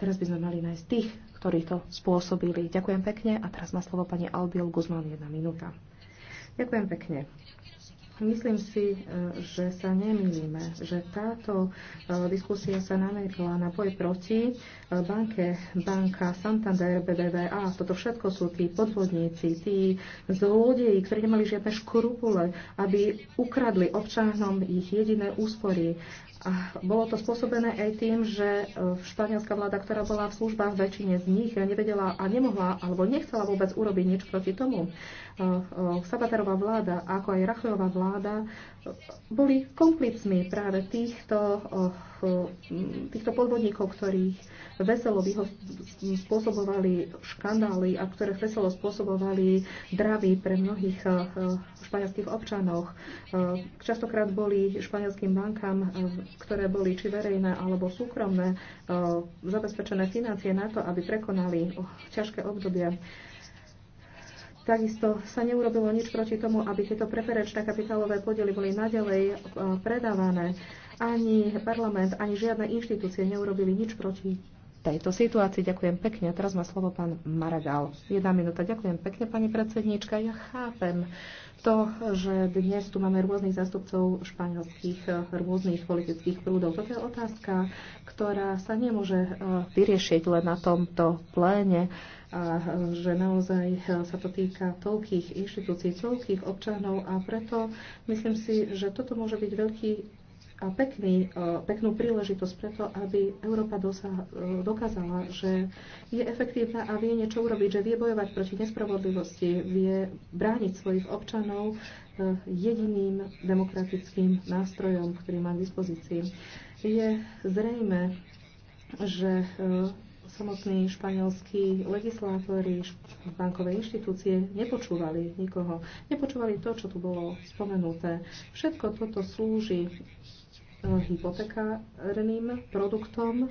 Teraz by sme mali nájsť tých, ktorí to spôsobili. Ďakujem pekne a teraz má slovo pani Albiol Guzmán, jedna minúta. Ďakujem pekne. Myslím si, e, že sa nemýlime, že táto e, diskusia sa namerila na boj proti e, banke, banka Santander, BBVA. Toto všetko sú tí podvodníci, tí zlodeji, ktorí nemali žiadne škrupule, aby ukradli občanom ich jediné úspory. Bolo to spôsobené aj tým, že e, španielská vláda, ktorá bola v službách väčšine z nich, nevedela a nemohla alebo nechcela vôbec urobiť nič proti tomu. E, e, Sabaterová vláda, ako aj Rachojová vláda, boli komplicmi práve týchto Mm, týchto podvodníkov, ktorých veselo spôsobovali škandály a ktoré veselo spôsobovali dravy pre mnohých eh, španielských občanov. Eh, častokrát boli španielským bankám, eh, ktoré boli či verejné alebo súkromné, zabezpečené financie na to, aby prekonali ťažké obdobie. Takisto sa neurobilo nič proti tomu, aby tieto preferenčné kapitálové podiely boli naďalej predávané. Ani parlament, ani žiadne inštitúcie neurobili nič proti tejto situácii. Ďakujem pekne. Teraz má slovo pán Maragal. Jedna minúta. Ďakujem pekne, pani predsednička. Ja chápem to, že dnes tu máme rôznych zástupcov španielských eh, rôznych politických prúdov. Toto je otázka, ktorá sa nemôže eh, vyriešiť len na tomto pléne a eh, že naozaj sa to týka toľkých inštitúcií, toľkých občanov a preto myslím si, že toto môže byť veľký a pekný, peknú príležitosť preto, aby Európa dosa, dokázala, že je efektívna a vie niečo urobiť, že vie bojovať proti nespravodlivosti, vie brániť svojich občanov e, jediným demokratickým nástrojom, ktorý má k dispozícii. Je zrejme, že e, samotní španielskí legislátori bankové inštitúcie nepočúvali nikoho. Nepočúvali to, čo tu bolo spomenuté. Všetko toto slúži hypotekárnym produktom,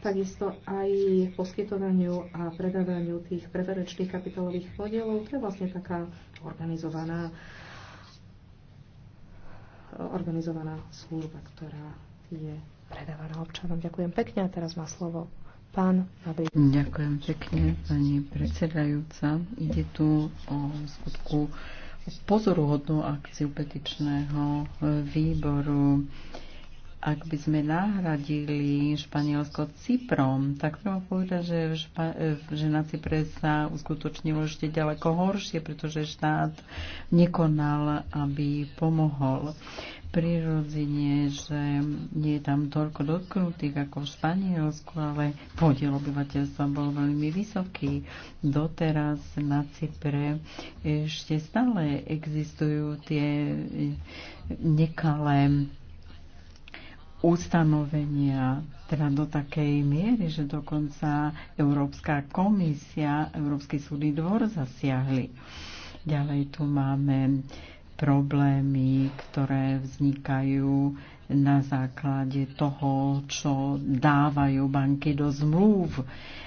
takisto aj poskytovaniu a predávaniu tých preferenčných kapitálových podielov. To je vlastne taká organizovaná, organizovaná služba, ktorá je predávaná občanom. Ďakujem pekne a teraz má slovo pán Nabri. Ďakujem pekne, pani predsedajúca. Ide tu o skutku pozoruhodnú akciu petičného e, výboru. Ak by sme nahradili Španielsko Cyprom, tak treba povedať, že, Špa- e, že na Cypre sa uskutočnilo ešte ďaleko horšie, pretože štát nekonal, aby pomohol prirodzenie, že nie je tam toľko dotknutých ako v Španielsku, ale podiel obyvateľstva bol veľmi vysoký. Doteraz na Cypre ešte stále existujú tie nekalé ustanovenia teda do takej miery, že dokonca Európska komisia, Európsky súdny dvor zasiahli. Ďalej tu máme problémy, ktoré vznikajú na základe toho, čo dávajú banky do zmluv.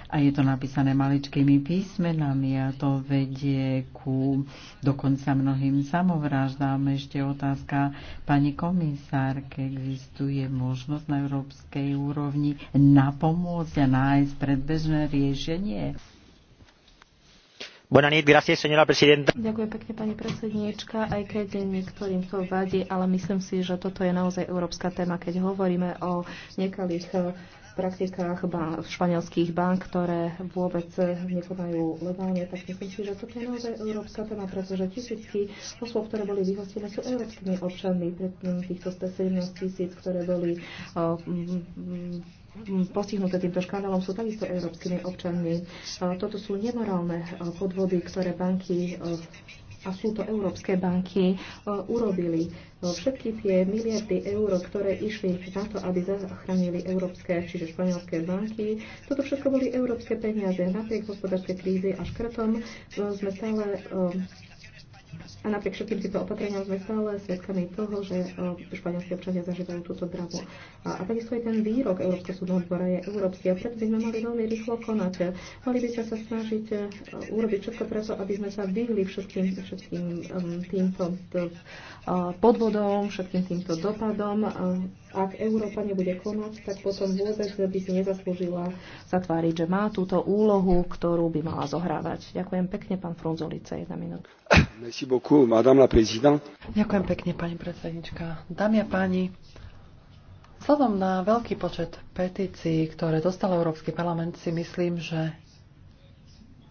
A je to napísané maličkými písmenami a to vedie ku dokonca mnohým samovraždám. Ešte otázka pani komisárke. Existuje možnosť na európskej úrovni napomôcť a nájsť predbežné riešenie? señora presidenta. Ďakujem pekne, pani predsedníčka, aj keď niektorým to vadí, ale myslím si, že toto je naozaj európska téma, keď hovoríme o nekalých eh, praktikách španielských bank, ktoré vôbec eh, nekonajú legálne, tak myslím si, že toto je naozaj európska téma, pretože tisícky osôb, ktoré boli vyhostené, sú európskymi občanmi, predtým týchto 117 tisíc, ktoré boli eh, postihnuté týmto škandálom, sú takisto európskymi občanmi. Toto sú nemorálne e, podvody, ktoré banky e, a sú to európske banky, e, urobili všetky tie miliardy eur, ktoré išli na to, aby zachránili európske, čiže španielské banky. Toto všetko boli európske peniaze. Napriek hospodárskej krízy a škrtom sme stále a napriek všetkým týmto opatreniam sme stále svedkami toho, že e, španielskí občania zažívajú túto dramu. A, a takisto aj ten výrok Európskeho súdneho dvora je európsky. A preto by sme mali veľmi rýchlo konať. Mali by sme sa snažiť e, urobiť všetko preto, aby sme sa vyhli všetkým, všetkým e, týmto podvodom, všetkým týmto dopadom. Ak Európa nebude konať, tak potom vôbec by si nezaslúžila zatváriť, že má túto úlohu, ktorú by mala zohrávať. Ďakujem pekne, pán Frunzolice, jedna minúta. Merci beaucoup, madame la présidente. Ďakujem pekne, pani predsednička. Dámy a páni, vzhľadom na veľký počet petícií, ktoré dostal Európsky parlament, si myslím, že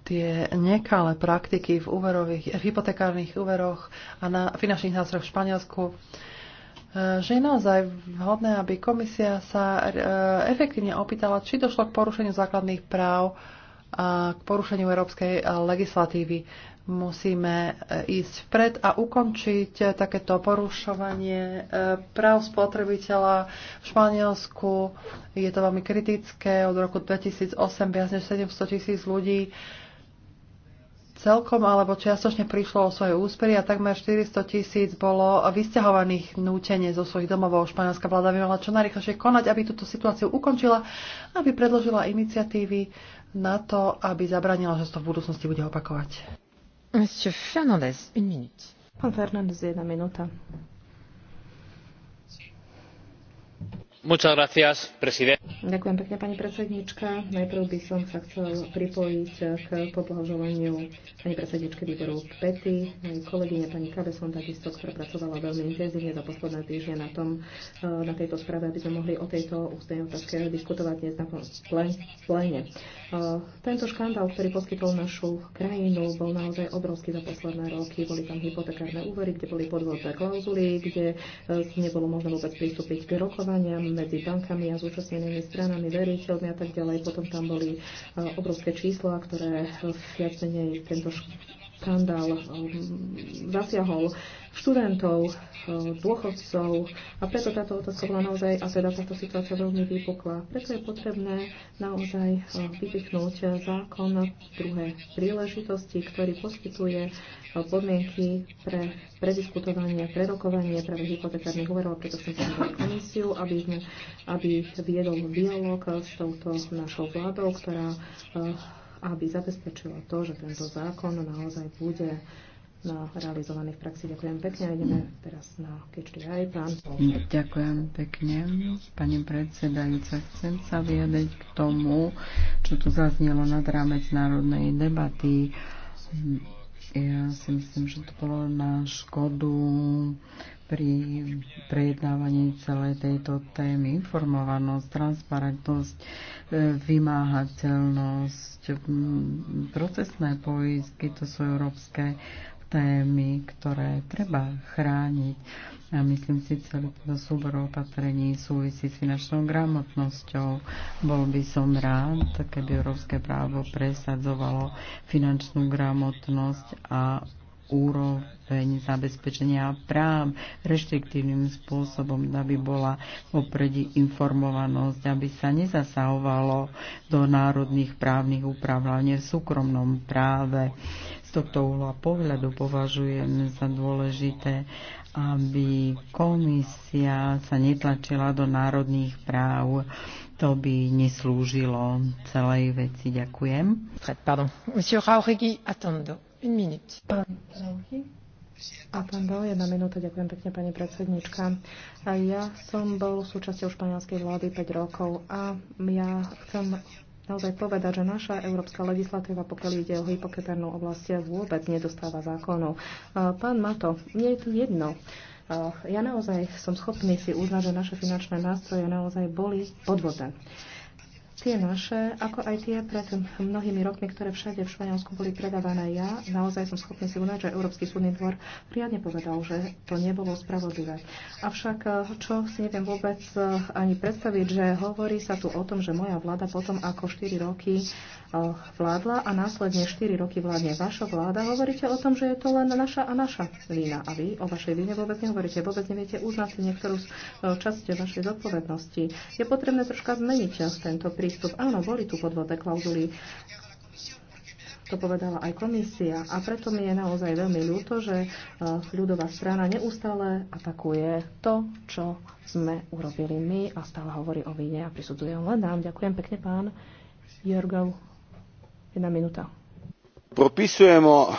tie nekalé praktiky v, úverových, v hypotekárnych úveroch a na finančných nástrojoch v Španielsku, e, že je naozaj vhodné, aby komisia sa e, efektívne opýtala, či došlo k porušeniu základných práv a k porušeniu európskej legislatívy. Musíme e, ísť vpred a ukončiť takéto porušovanie práv spotrebiteľa v Španielsku. Je to veľmi kritické. Od roku 2008 viac než 700 tisíc ľudí celkom alebo čiastočne prišlo o svoje úspery a takmer 400 tisíc bolo vysťahovaných nútene zo svojich domovov. Španielská vláda by mala čo najrychlejšie konať, aby túto situáciu ukončila, aby predložila iniciatívy na to, aby zabranila, že sa to v budúcnosti bude opakovať. Monsieur Fernandez, une minute. Pán Fernández, jedna minúta. Ďakujem pekne, pani predsednička. Najprv by som sa chcel pripojiť k poblahoželaniu pani predsedničky výboru PETI, mojej kolegyne pani Kabeson, takisto, ktorá pracovala veľmi intenzívne za posledné týždne na, tom, eh, na tejto správe, aby sme mohli o tejto ústnej otázke diskutovať dnes na pléne. Eh, tento škandál, ktorý poskytol našu krajinu, bol naozaj obrovský za posledné roky. Boli tam hypotekárne úvery, kde boli podvodné klauzuly, kde eh, nebolo možné vôbec pristúpiť k rokovaniam medzi bankami a zúčastnenými stranami, veriteľmi a tak ďalej. Potom tam boli eh, obrovské čísla, ktoré viac menej tento škandál zasiahol študentov, eh, dôchodcov a preto táto otázka bola naozaj a teda táto situácia veľmi vypukla. Preto je potrebné naozaj eh, vypichnúť zákon na druhé príležitosti, ktorý poskytuje eh, podmienky pre prediskutovanie, prerokovanie práve hypotekárnych úverov a preto chcem povedať komisiu, aby, sme, aby viedol dialog s touto našou vládou, ktorá aby zabezpečila to, že tento zákon naozaj bude no, realizovaný v praxi. Ďakujem pekne. a Ideme teraz na kečky aj pán. Ďakujem pekne. Pani predsedajúca, chcem sa vyjadeť k tomu, čo tu zaznelo nad rámec národnej debaty. Ja si myslím, že to bolo na škodu pri prejednávaní celej tejto témy. Informovanosť, transparentnosť, e, vymáhateľnosť, procesné poistky, to sú európske témy, ktoré treba chrániť. A myslím si, celý tento súbor opatrení súvisí s finančnou gramotnosťou. Bol by som rád, keby európske právo presadzovalo finančnú gramotnosť a úroveň zabezpečenia práv reštriktívnym spôsobom, aby bola opredi informovanosť, aby sa nezasahovalo do národných právnych úprav, hlavne v súkromnom práve istotou a pohľadu považujem za dôležité, aby komisia sa netlačila do národných práv. To by neslúžilo celej veci. Ďakujem. Pardon. Monsieur Raurigi, attendo. Une minute. Pán A pán Bel, jedna minúta, ďakujem pekne, pani predsednička. Ja som bol súčasťou španielskej vlády 5 rokov a ja chcem naozaj povedať, že naša európska legislatíva, pokiaľ ide o hypoketárnu oblasti, vôbec nedostáva zákonov. Pán Mato, nie je to jedno. Ja naozaj som schopný si uznať, že naše finančné nástroje naozaj boli podvodné tie naše, ako aj tie pred mnohými rokmi, ktoré všade v Španielsku boli predávané. Ja naozaj som schopný si uznať, že Európsky súdny dvor riadne povedal, že to nebolo spravodlivé. Avšak, čo si neviem vôbec eh, ani predstaviť, že hovorí sa tu o tom, že moja vláda potom ako 4 roky eh, vládla a následne 4 roky vládne vaša vláda, hovoríte o tom, že je to len naša a naša vína. A vy o vašej víne vôbec nehovoríte, vôbec neviete uznať niektorú eh, časť vašej zodpovednosti. Je potrebné troška zmeniť tento príklad prístup. Áno, boli tu podvodné klauzuly. To povedala aj komisia. A preto mi je naozaj veľmi ľúto, že e, ľudová strana neustále atakuje to, čo sme urobili my a stále hovorí o víne a prisudzuje len nám. Ďakujem pekne, pán Jorgov. Jedna minúta. Propisujemo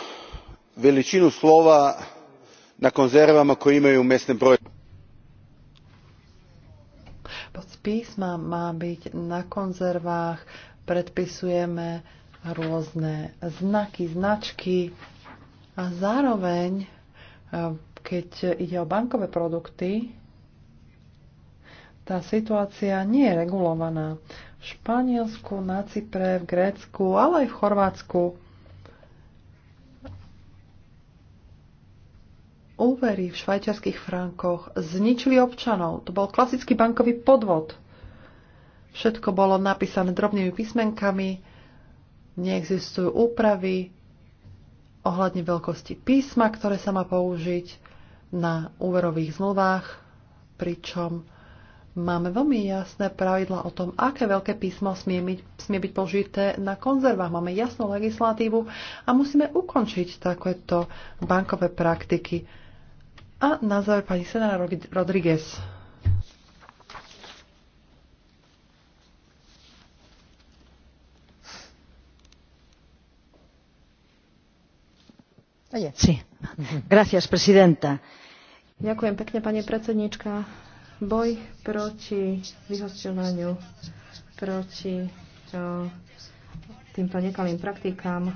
veličinu slova na konzervama koje imaju mesne proizvode písma má byť na konzervách, predpisujeme rôzne znaky, značky a zároveň, e, keď ide o bankové produkty, tá situácia nie je regulovaná. V Španielsku, na Cypre, v Grécku, ale aj v Chorvátsku úvery v švajčiarských frankoch zničili občanov. To bol klasický bankový podvod. Všetko bolo napísané drobnými písmenkami, neexistujú úpravy ohľadne veľkosti písma, ktoré sa má použiť na úverových zmluvách, pričom máme veľmi jasné pravidla o tom, aké veľké písmo smie, byť, smie byť použité na konzervách. Máme jasnú legislatívu a musíme ukončiť takéto bankové praktiky a na záver pani Senara Rodriguez. Sí. Gracias, presidenta. Ďakujem pekne, pani predsednička. Boj proti vyhosťovaniu, proti týmto nekalým praktikám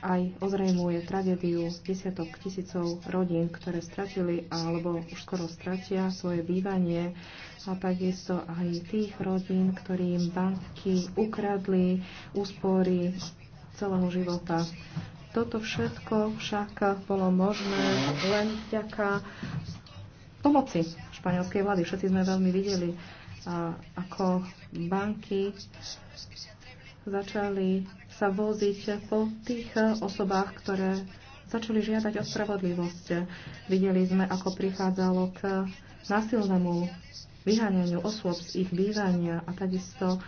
aj ozrejmuje tragédiu desiatok tisícov rodín, ktoré stratili alebo už skoro stratia svoje bývanie a takisto aj tých rodín, ktorým banky ukradli úspory celého života. Toto všetko však bolo možné len vďaka pomoci španielskej vlády. Všetci sme veľmi videli, ako banky začali sa voziť po tých eh, osobách, ktoré začali žiadať o spravodlivosť. Videli sme, ako prichádzalo k násilnému vyháňaniu osôb z ich bývania a takisto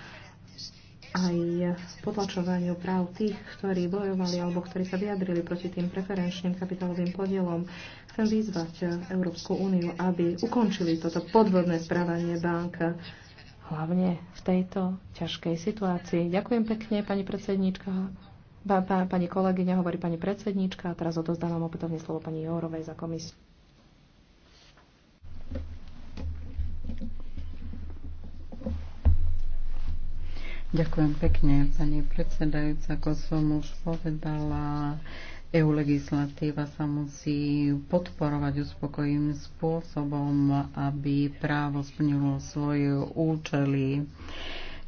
aj potlačovaniu práv tých, ktorí bojovali alebo ktorí sa vyjadrili proti tým preferenčným kapitálovým podielom. Chcem vyzvať Európsku úniu, aby ukončili toto podvodné správanie bank hlavne v tejto ťažkej situácii. Ďakujem pekne, pani predsedníčka. Pa, pa, pani kolegyňa, hovorí pani predsedníčka. A teraz odozdávam opätovne slovo pani Jourovej za komisiu. Ďakujem pekne, pani predsedajúca, ako som už povedala. EU legislatíva sa musí podporovať uspokojivým spôsobom, aby právo splnilo svoje účely.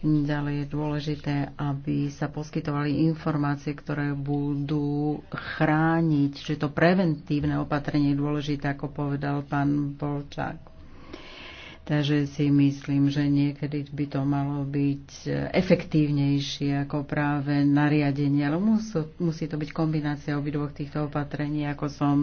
Ďalej je dôležité, aby sa poskytovali informácie, ktoré budú chrániť. Čiže to preventívne opatrenie je dôležité, ako povedal pán Polčák. Takže si myslím, že niekedy by to malo byť e, efektívnejšie ako práve nariadenie, ale musí, musí to byť kombinácia obidvoch týchto opatrení, ako som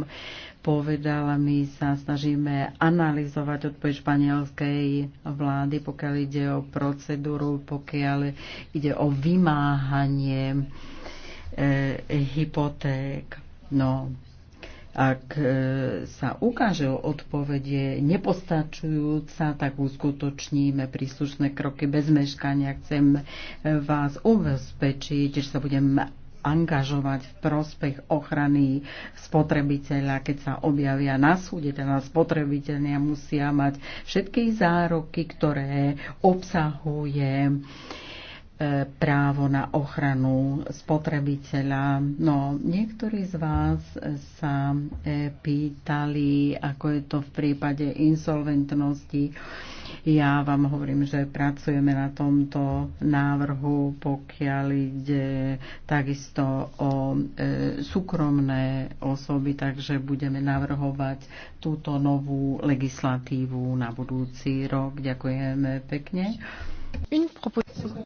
povedala, my sa snažíme analyzovať odpoveď španielskej vlády, pokiaľ ide o procedúru, pokiaľ ide o vymáhanie e, hypoték. No, ak e, sa ukáže odpovede nepostačujúca, tak uskutočníme príslušné kroky bez meškania. Chcem e, vás ubezpečiť, že sa budem angažovať v prospech ochrany spotrebiteľa, keď sa objavia na súde, teda spotrebiteľia musia mať všetky zároky, ktoré obsahuje E, právo na ochranu spotrebiteľa. No, niektorí z vás sa e, pýtali, ako je to v prípade insolventnosti. Ja vám hovorím, že pracujeme na tomto návrhu, pokiaľ ide takisto o e, súkromné osoby, takže budeme navrhovať túto novú legislatívu na budúci rok. Ďakujeme pekne.